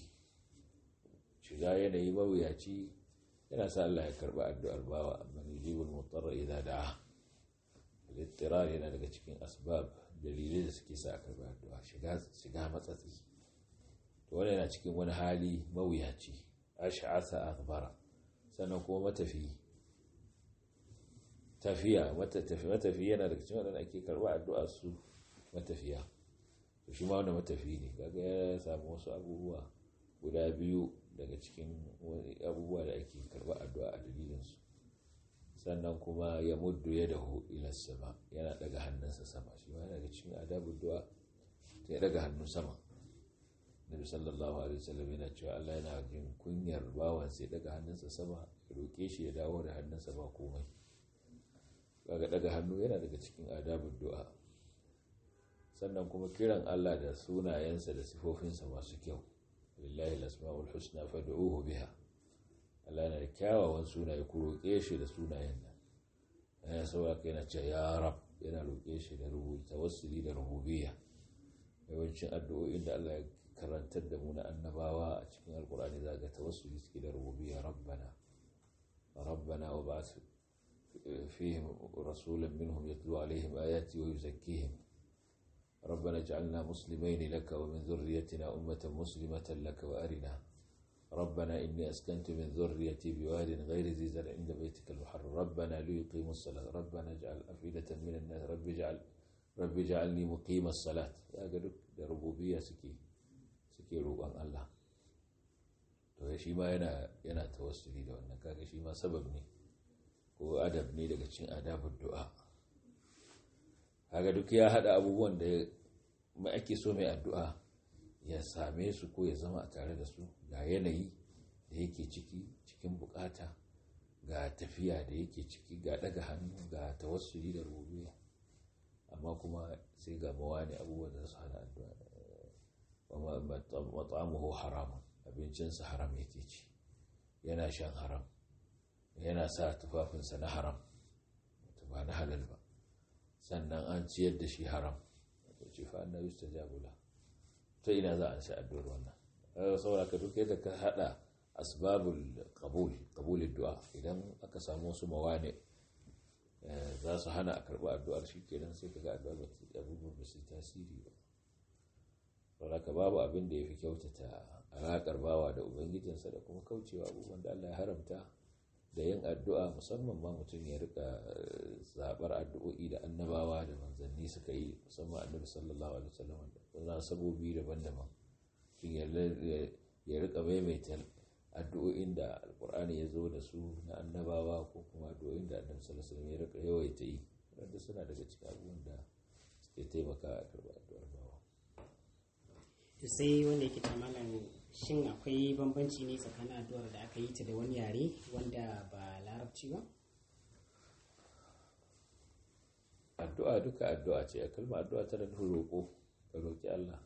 shiga yanayi mawuyaci yana sa Allah ya karɓi addu'ar bawa amma yujibul mutarra idza da'a littirar yana daga cikin asbab dalilai da suke sa karɓi addu'a shiga shiga matsatsi to wannan yana cikin wani hali mawuyaci ash'asa akhbara sannan kuma matafi tafiya matafi yana daga cikin wadanda ake karba addu'a su matafiya to shi ma wanda matafi ne kaga ya samu wasu abubuwa guda biyu daga cikin abubuwa da ake karba addu'a a dalilinsu sannan kuma ya muddu ya dahu ilas sama yana daga hannunsa sama shi ma yana daga cikin adabin du'a ya daga hannun sama nabi sallallahu alaihi wasallam yana cewa Allah yana jin kunyar bawansa ya daga hannunsa sama ya roke shi ya dawo da hannunsa ba komai kaga daga hannu yana daga cikin adabin du'a sannan kuma kiran Allah da sunayensa da sifofinsa masu kyau lillahi lasma'ul asmaul husna fad'uhu biha Allah yana da kyawawan sunaye ku roƙe shi da sunayen nan yana sauka yana ce ya rab yana roƙe shi da rubuta tawassuli da rububiyya yawancin addu'o'in da Allah ya karantar da mu na annabawa a cikin alkur'ani za ga tawassuli suke da rububiyya rabbana rabbana wa ba'ath فيهم رسولا منهم يتلو عليهم آياتي ويزكيهم ربنا اجعلنا مسلمين لك ومن ذريتنا أمة مسلمة لك وأرنا ربنا إني أسكنت من ذريتي بواد غير ذي زرع عند بيتك المحرم ربنا ليقيموا الصلاة ربنا اجعل أفئدة من الناس رب اجعل رب اجعلني مقيم الصلاة يا قدك ربوبية سكي سكي روبان الله to شيما ma أنا tawassuli لو wannan شيما سببني ko adab ne daga cin adabin du'a kaga duk ya haɗa abubuwan da mai ake so mai addu'a ya same su ko ya zama a tare da su ga yanayi da yake ciki cikin bukata ga tafiya da yake ciki ga daga hannu ga ta tawassuli da rubuwa amma kuma sai ga mawani abubuwan da su hana addu'a mat'amuhu haramun abincinsa haram yake ci yana shan haram yana sa tufafinsa na haram ba na halal ba sannan an ciyar da shi haram Wato ce fa annabi ta jabula ta ina za a sha addu'ar wannan eh, saura ka duk yadda ka haɗa asbabul qabul du'a idan aka samu wasu ne eh, za su hana a karɓi addu'ar shi kenan sai ka ga addu'ar ba ta abubuwan ba su tasiri ba saura ka babu abin da ya fi kyautata alaƙar bawa da ubangijinsa da kuma kaucewa abubuwan da Allah ya haramta da yin addu'a musamman ma mutum ya rika eh, zabar addu'o'i da annabawa da manzanni suka yi musamman annabi sallallahu alaihi wasallam da sabobi daban-daban ya rika maimaita addu'o'in da alkur'ani ya zo da su na annabawa ko kuma addu'o'in da annabi sallallahu alaihi wasallam ya rika yawaita yi wanda suna daga cikin abubuwan da suke taimaka a karɓar addu'ar bawa sai wanda yake tamamin shin akwai bambanci ne tsakanin addu'ar da aka yi ta da wani yare wanda ba larabci ba addu'a duka addu'a ce a kalmar addu'a tana nufin roƙo ka roƙi Allah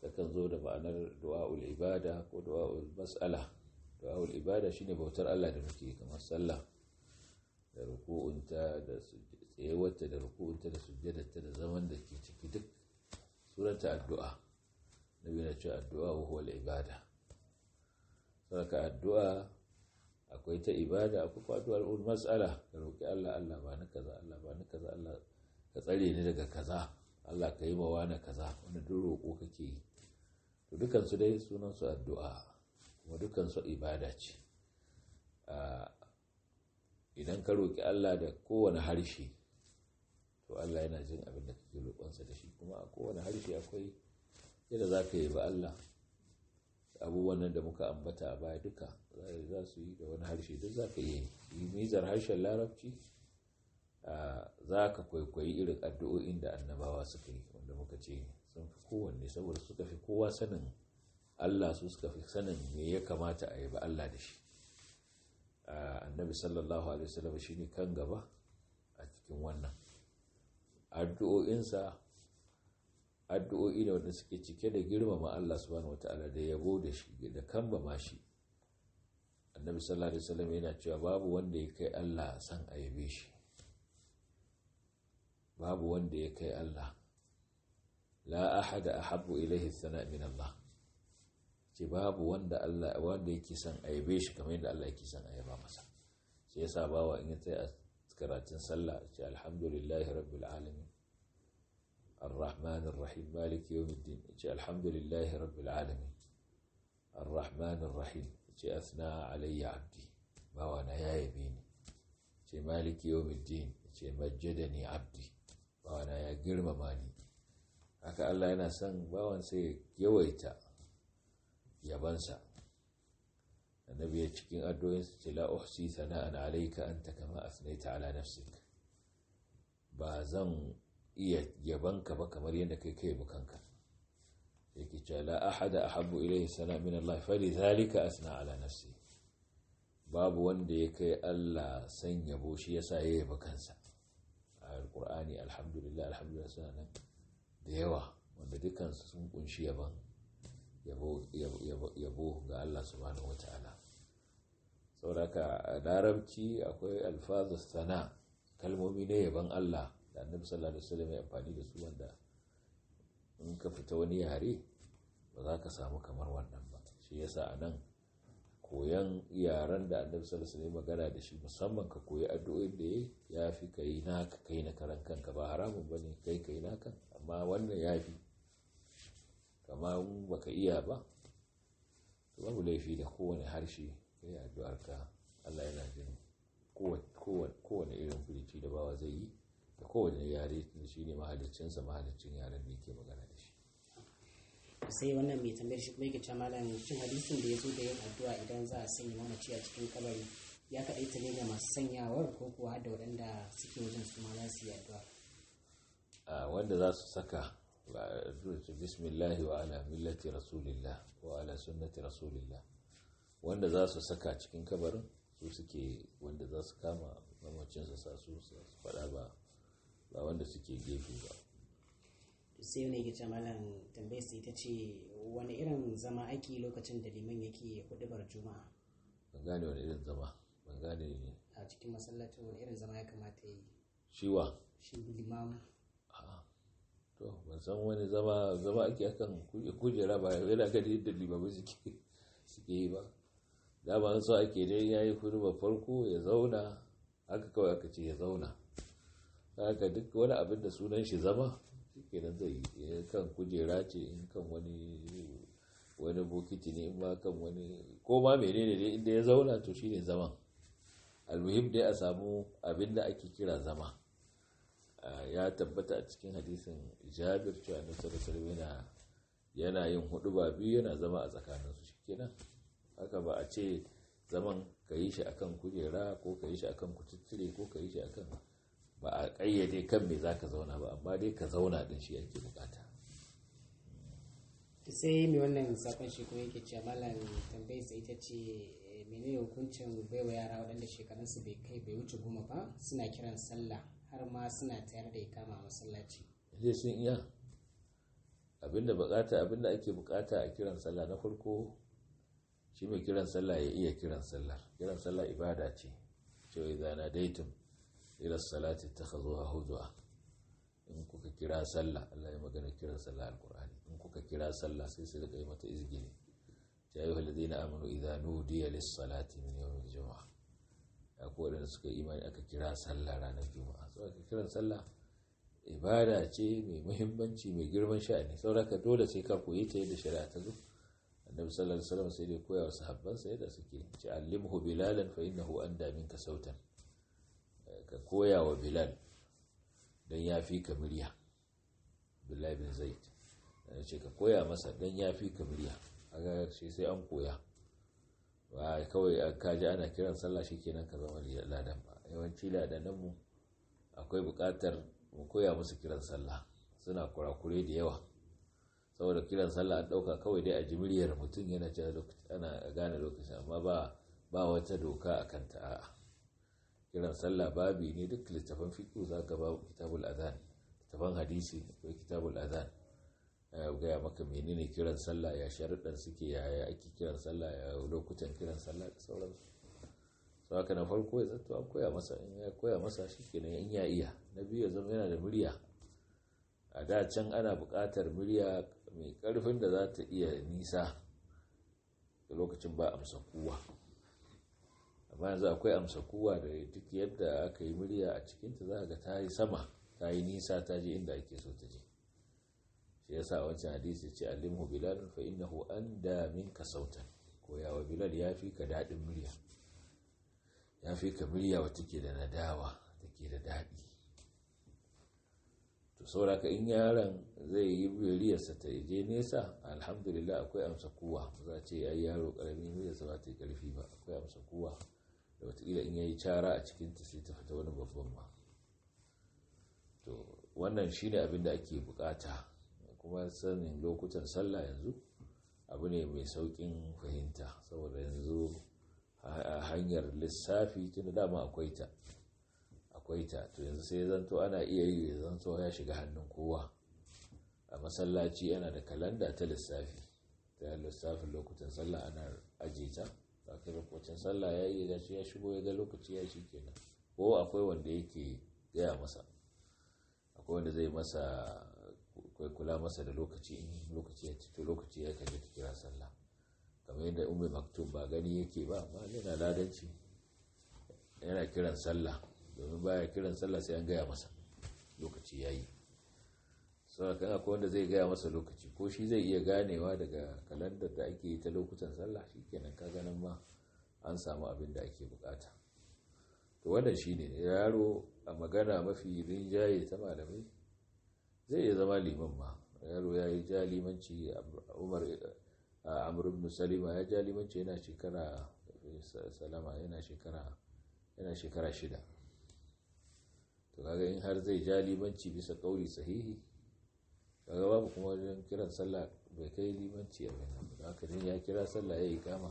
ta zo da ma'anar du'a'ul ibada ko du'a'ul mas'ala du'a'ul ibada shine bautar Allah da muke kamar sallah da ruku'unta da tsayewarta da ruku'unta da sujjadarta da zaman da ke ciki duk sunanta addu'a nabi na ce addu'a wa ibada saka addu'a akwai ta ibada akwai addu'ar ul mas'ala ka roƙi Allah Allah ba ni kaza Allah ba ni kaza Allah ka tsare ni daga kaza Allah ka yi ma wani kaza wani duk roƙo kake yi to dukansu dai sunansu addu'a kuma dukansu ibada ce idan ka roƙi Allah da kowane harshe to Allah yana jin abin da kake roƙonsa da shi kuma a kowane harshe akwai yadda za ka yi ba Allah abubuwan da muka ambata ba baya duka za su yi da wani harshe duk za ka yi mizar harshen larabci za ka kwaikwayi irin addu'o'in da annabawa suka yi wanda muka ce sun fi kowanne saboda suka fi kowa sanin Allah su suka fi sanin me ya kamata a yi ba Allah da shi annabi sallallahu alaihi wasallam shine kan gaba a cikin wannan addu'o'insa addu'o'i da wanda suke cike da girmama Allah subhanahu wataala da yabo da shi da kambama mashi annabi sallallahu alaihi wasallam yana cewa babu wanda ya kai Allah san a yabe shi babu wanda ya kai Allah la ahada ahabbu ilaihi sana min Allah ce babu wanda Allah wanda yake son a yabe shi kamar yadda Allah yake son a yaba masa sai yasa bawa in ya tsaya a karatun sallah ce alhamdulillahi rabbil alamin الرحمن الرحيم مالك يوم الدين الحمد لله رب العالمين الرحمن الرحيم أثنى علي عبدي ما وانا يا يميني مالك يوم الدين مجدني عبدي ما وانا يا قرم ماني haka Allah yana son bawan sai yawaita yabansa annabi ya cikin addu'o'insa ce la uhsi sana'an alayka anta kama asnaita ala nafsik ba zan iya ka ba kamar yadda kai kai bukanka yake cewa la ahada ahabbu ilayhi sana min Allah fa zalika asna ala nafsi babu wanda ya kai Allah san yabo shi yasa ya yaba kansa a alqur'ani alhamdulillah alhamdulillah sana da yawa wanda dukan su sun kunshi yaban yabo ga Allah subhanahu wataala ka larabci akwai alfazu sana kalmomi ne yaban Allah da annabi sallallahu alaihi wasallam ya amfani da su wanda in ka fita wani yare ba za ka samu kamar wannan ba shi yasa a nan koyan yaren da annabi sallallahu alaihi wasallam magana da shi musamman ka koyi addu'o'in da yayi yafi kai naka kai na karan kanka ba haramun bane kai kai naka amma wannan yafi kama baka iya ba to babu laifi da kowane harshe kai addu'arka Allah yana jin kowane irin firici da bawa zai yi kowane yare shi ne mahalicinsa mahalicin yaren da yake magana da shi sai wannan mai tambayar shi kuma yake cewa malam cin hadisin da ya zo da yin addu'a idan za a sanya mamaci a cikin kabari ya kaɗai ne ga masu sanyawar ko kuwa da waɗanda suke wajen su ma za su yi addu'a wanda za su saka bismillahi wa ala millati rasulillah wa ala sunnati rasulillah wanda za su saka cikin kabarin su suke wanda za su kama mamacin su sa su faɗa ba ba wanda suke gefe ba sai wani yake malam tambayar sai ta ce wani irin zama ake lokacin da liman yake bar juma'a ban gane wani irin zama ban gane ne a cikin masallacin wani irin zama ya kamata yi shiwa shi liman to ban san wani zama zama ake akan kujera ba yana gani yadda limamai suke suke yi ba dama an so ake dai yayi ba farko ya zauna haka kawai aka ce ya zauna haka duk wani abin da sunan shi zama kenan zai kan kujera ce in kan wani wani bokiti ne in ma kan wani ko ma menene ne inda ya zauna to shine zaman almuhim dai a samu abin da ake kira zama ya tabbata a cikin hadisin jabir cewa na sarasar yana yana yin hudu ba biyu yana zama a tsakaninsu kenan haka ba a ce zaman ka yi shi akan kujera ko ka yi shi akan kututture ko ka yi shi akan ba a ƙayyade kan me za ka zauna ba amma dai ka zauna ɗin shi ake bukata sai mai wannan sakon shi kuma yake cewa malam tambayi sai ita ce eh, menene hukuncin baiwa yara waɗanda shekarunsu bai kai bai wuce goma ba suna kiran sallah har ma suna tayar da ikama masallaci zai sun iya abinda bukata abinda ake bukata a kiran sallah na farko shi mai kiran sallah ya iya kiran sallah kiran sallah ibada ce cewa idza nadaitum ila salati takhazuha huzwa in kuka kira sallah Allah ya magana kiran sallah alqur'ani in kuka kira sallah sai su rika yi mata izgili ya ayyuhal ladina amanu idza nudiya lis salati min yawmil jumu'ah ya ko da suka imani aka kira sallah ranar juma'a so aka kiran sallah ibada ce mai muhimmanci mai girman sha'ani sauraka dole sai ka koyi ta yadda shari'a ta zo annabi sallallahu alaihi wasallam sai dai koyawa wa sahabbansa yadda suke ce allimhu bilalan fa innahu anda minka sautan ka koya wa bilal don ya fi ka murya bilal bin zaid ce ka koya masa don ya fi ka murya a ga sai an koya ba kawai a ana kiran sallah shi kenan ka zama ladan ba yawanci ladananmu akwai bukatar mu koya musu kiran sallah suna kurakure da yawa saboda kiran sallah an ɗauka kawai dai a jimiriyar mutum yana ana gane lokaci amma ba wata doka a kanta a'a kiran sallah babi ne duk littafin fiqh za ka ba kitabul azan littafin hadisi akwai kitabul azan gaya maka menene kiran sallah ya sharuɗan suke yaya ake kiran sallah ya lokutan kiran sallah da sauransu su haka na farko ya zato an koya masa in ya koya masa shi in ya iya na biyu ya zama yana da murya a da can ana buƙatar murya mai ƙarfin da za ta iya nisa da lokacin ba amsa kuwa. amma yanzu akwai amsa kuwa da duk yadda aka yi murya a cikinta za ga ta yi sama ta yi nisa ta je inda ake so ta je shi ya sa wancan hadisi ce alimu bilal fa innahu an da minka sautan koyawa bilal ya fi ka daɗin murya ya fi ka murya wata ke da nadawa take da daɗi to sauraka in yaron zai yi muryarsa ta je nesa alhamdulillah akwai amsa kuwa. za a ce ya yi yaro ƙarami muryarsa ba ta yi ƙarfi ba akwai amsa kuwa. da wataƙila in yayi cara a cikinta sai ta fita wani babban ma to wannan shine abin da ake bukata kuma sanin lokutan sallah yanzu abu ne mai saukin fahimta saboda yanzu a hanyar lissafi tun dama akwai ta akwai ta to yanzu sai zanto ana iya yi zanto ya shiga hannun kowa a masallaci yana da kalanda ta lissafi ta lissafin lokutan sallah ana ajiye ta za ka kocin sallah ya yi da ya shigo ya ga lokaci ya shi kenan ko akwai wanda yake gaya masa akwai wanda zai masa kai kula masa da lokaci in lokaci ya ci to lokaci ya kaje ki kira sallah kamar yadda ummi maktum ba gani yake ba amma yana ladanci yana kiran sallah domin baya kiran sallah sai an gaya masa lokaci ya yi kan akwai wanda zai gaya masa lokaci ko shi zai iya ganewa daga kalandar da ake yi ta lokutan sallah shi kenan ka ganin ma an samu abin da ake bukata to wannan shi ne yaro a magana mafi rinjaye ta malamai zai iya zama liman ma yaro ya yi ja limanci umar amur salima ya ja yana shekara salama yana shekara yana shekara shida to kaga in har zai ja bisa kauli sahihi kaga babu kuma wajen kiran sallah bai kai limanci a kai nan da ne ya kira sallah ya yi kama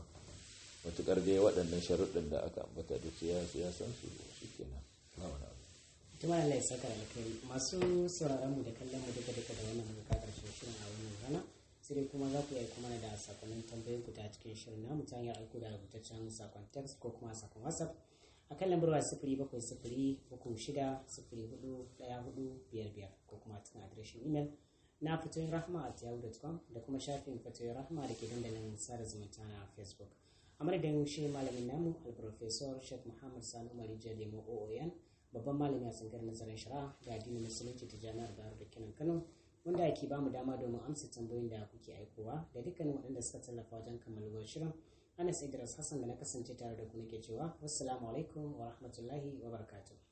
matukar dai waɗannan sharuɗin da aka ambata da siyasa ya san su shi kenan na wani abu kuma Allah ya saka kai masu sauraron mu da kallon mu duka duka da wannan muka shirin a wannan rana sai dai kuma za ku iya kuma da sakonnin tambayoyin ku ta cikin shirin namu ta hanyar aiko da rubutaccen sakon text ko kuma sakon whatsapp a kan lambar waya sifiri bakwai sifiri uku shida sifiri hudu daya hudu biyar biyar ko kuma cikin adireshin imel na fitoyin rahma a yahoo.com da kuma shafin fitoyin rahma da ke dandalin sada zumunta na facebook a madadin shi malamin namu alprofesor sheikh muhammad sanu marija lemo oon babban malami a tsangar nazarin shari'a da addinin musulunci ta jami'ar bayar da kinan kano wanda ke ba mu dama domin amsa tambayoyin da kuke aikowa da dukkanin waɗanda suka tallafa wajen kammaluwar shirin ana anas idris hassan da na kasance tare da ku ke cewa wassalamu alaikum wa rahmatullahi wa barakatuh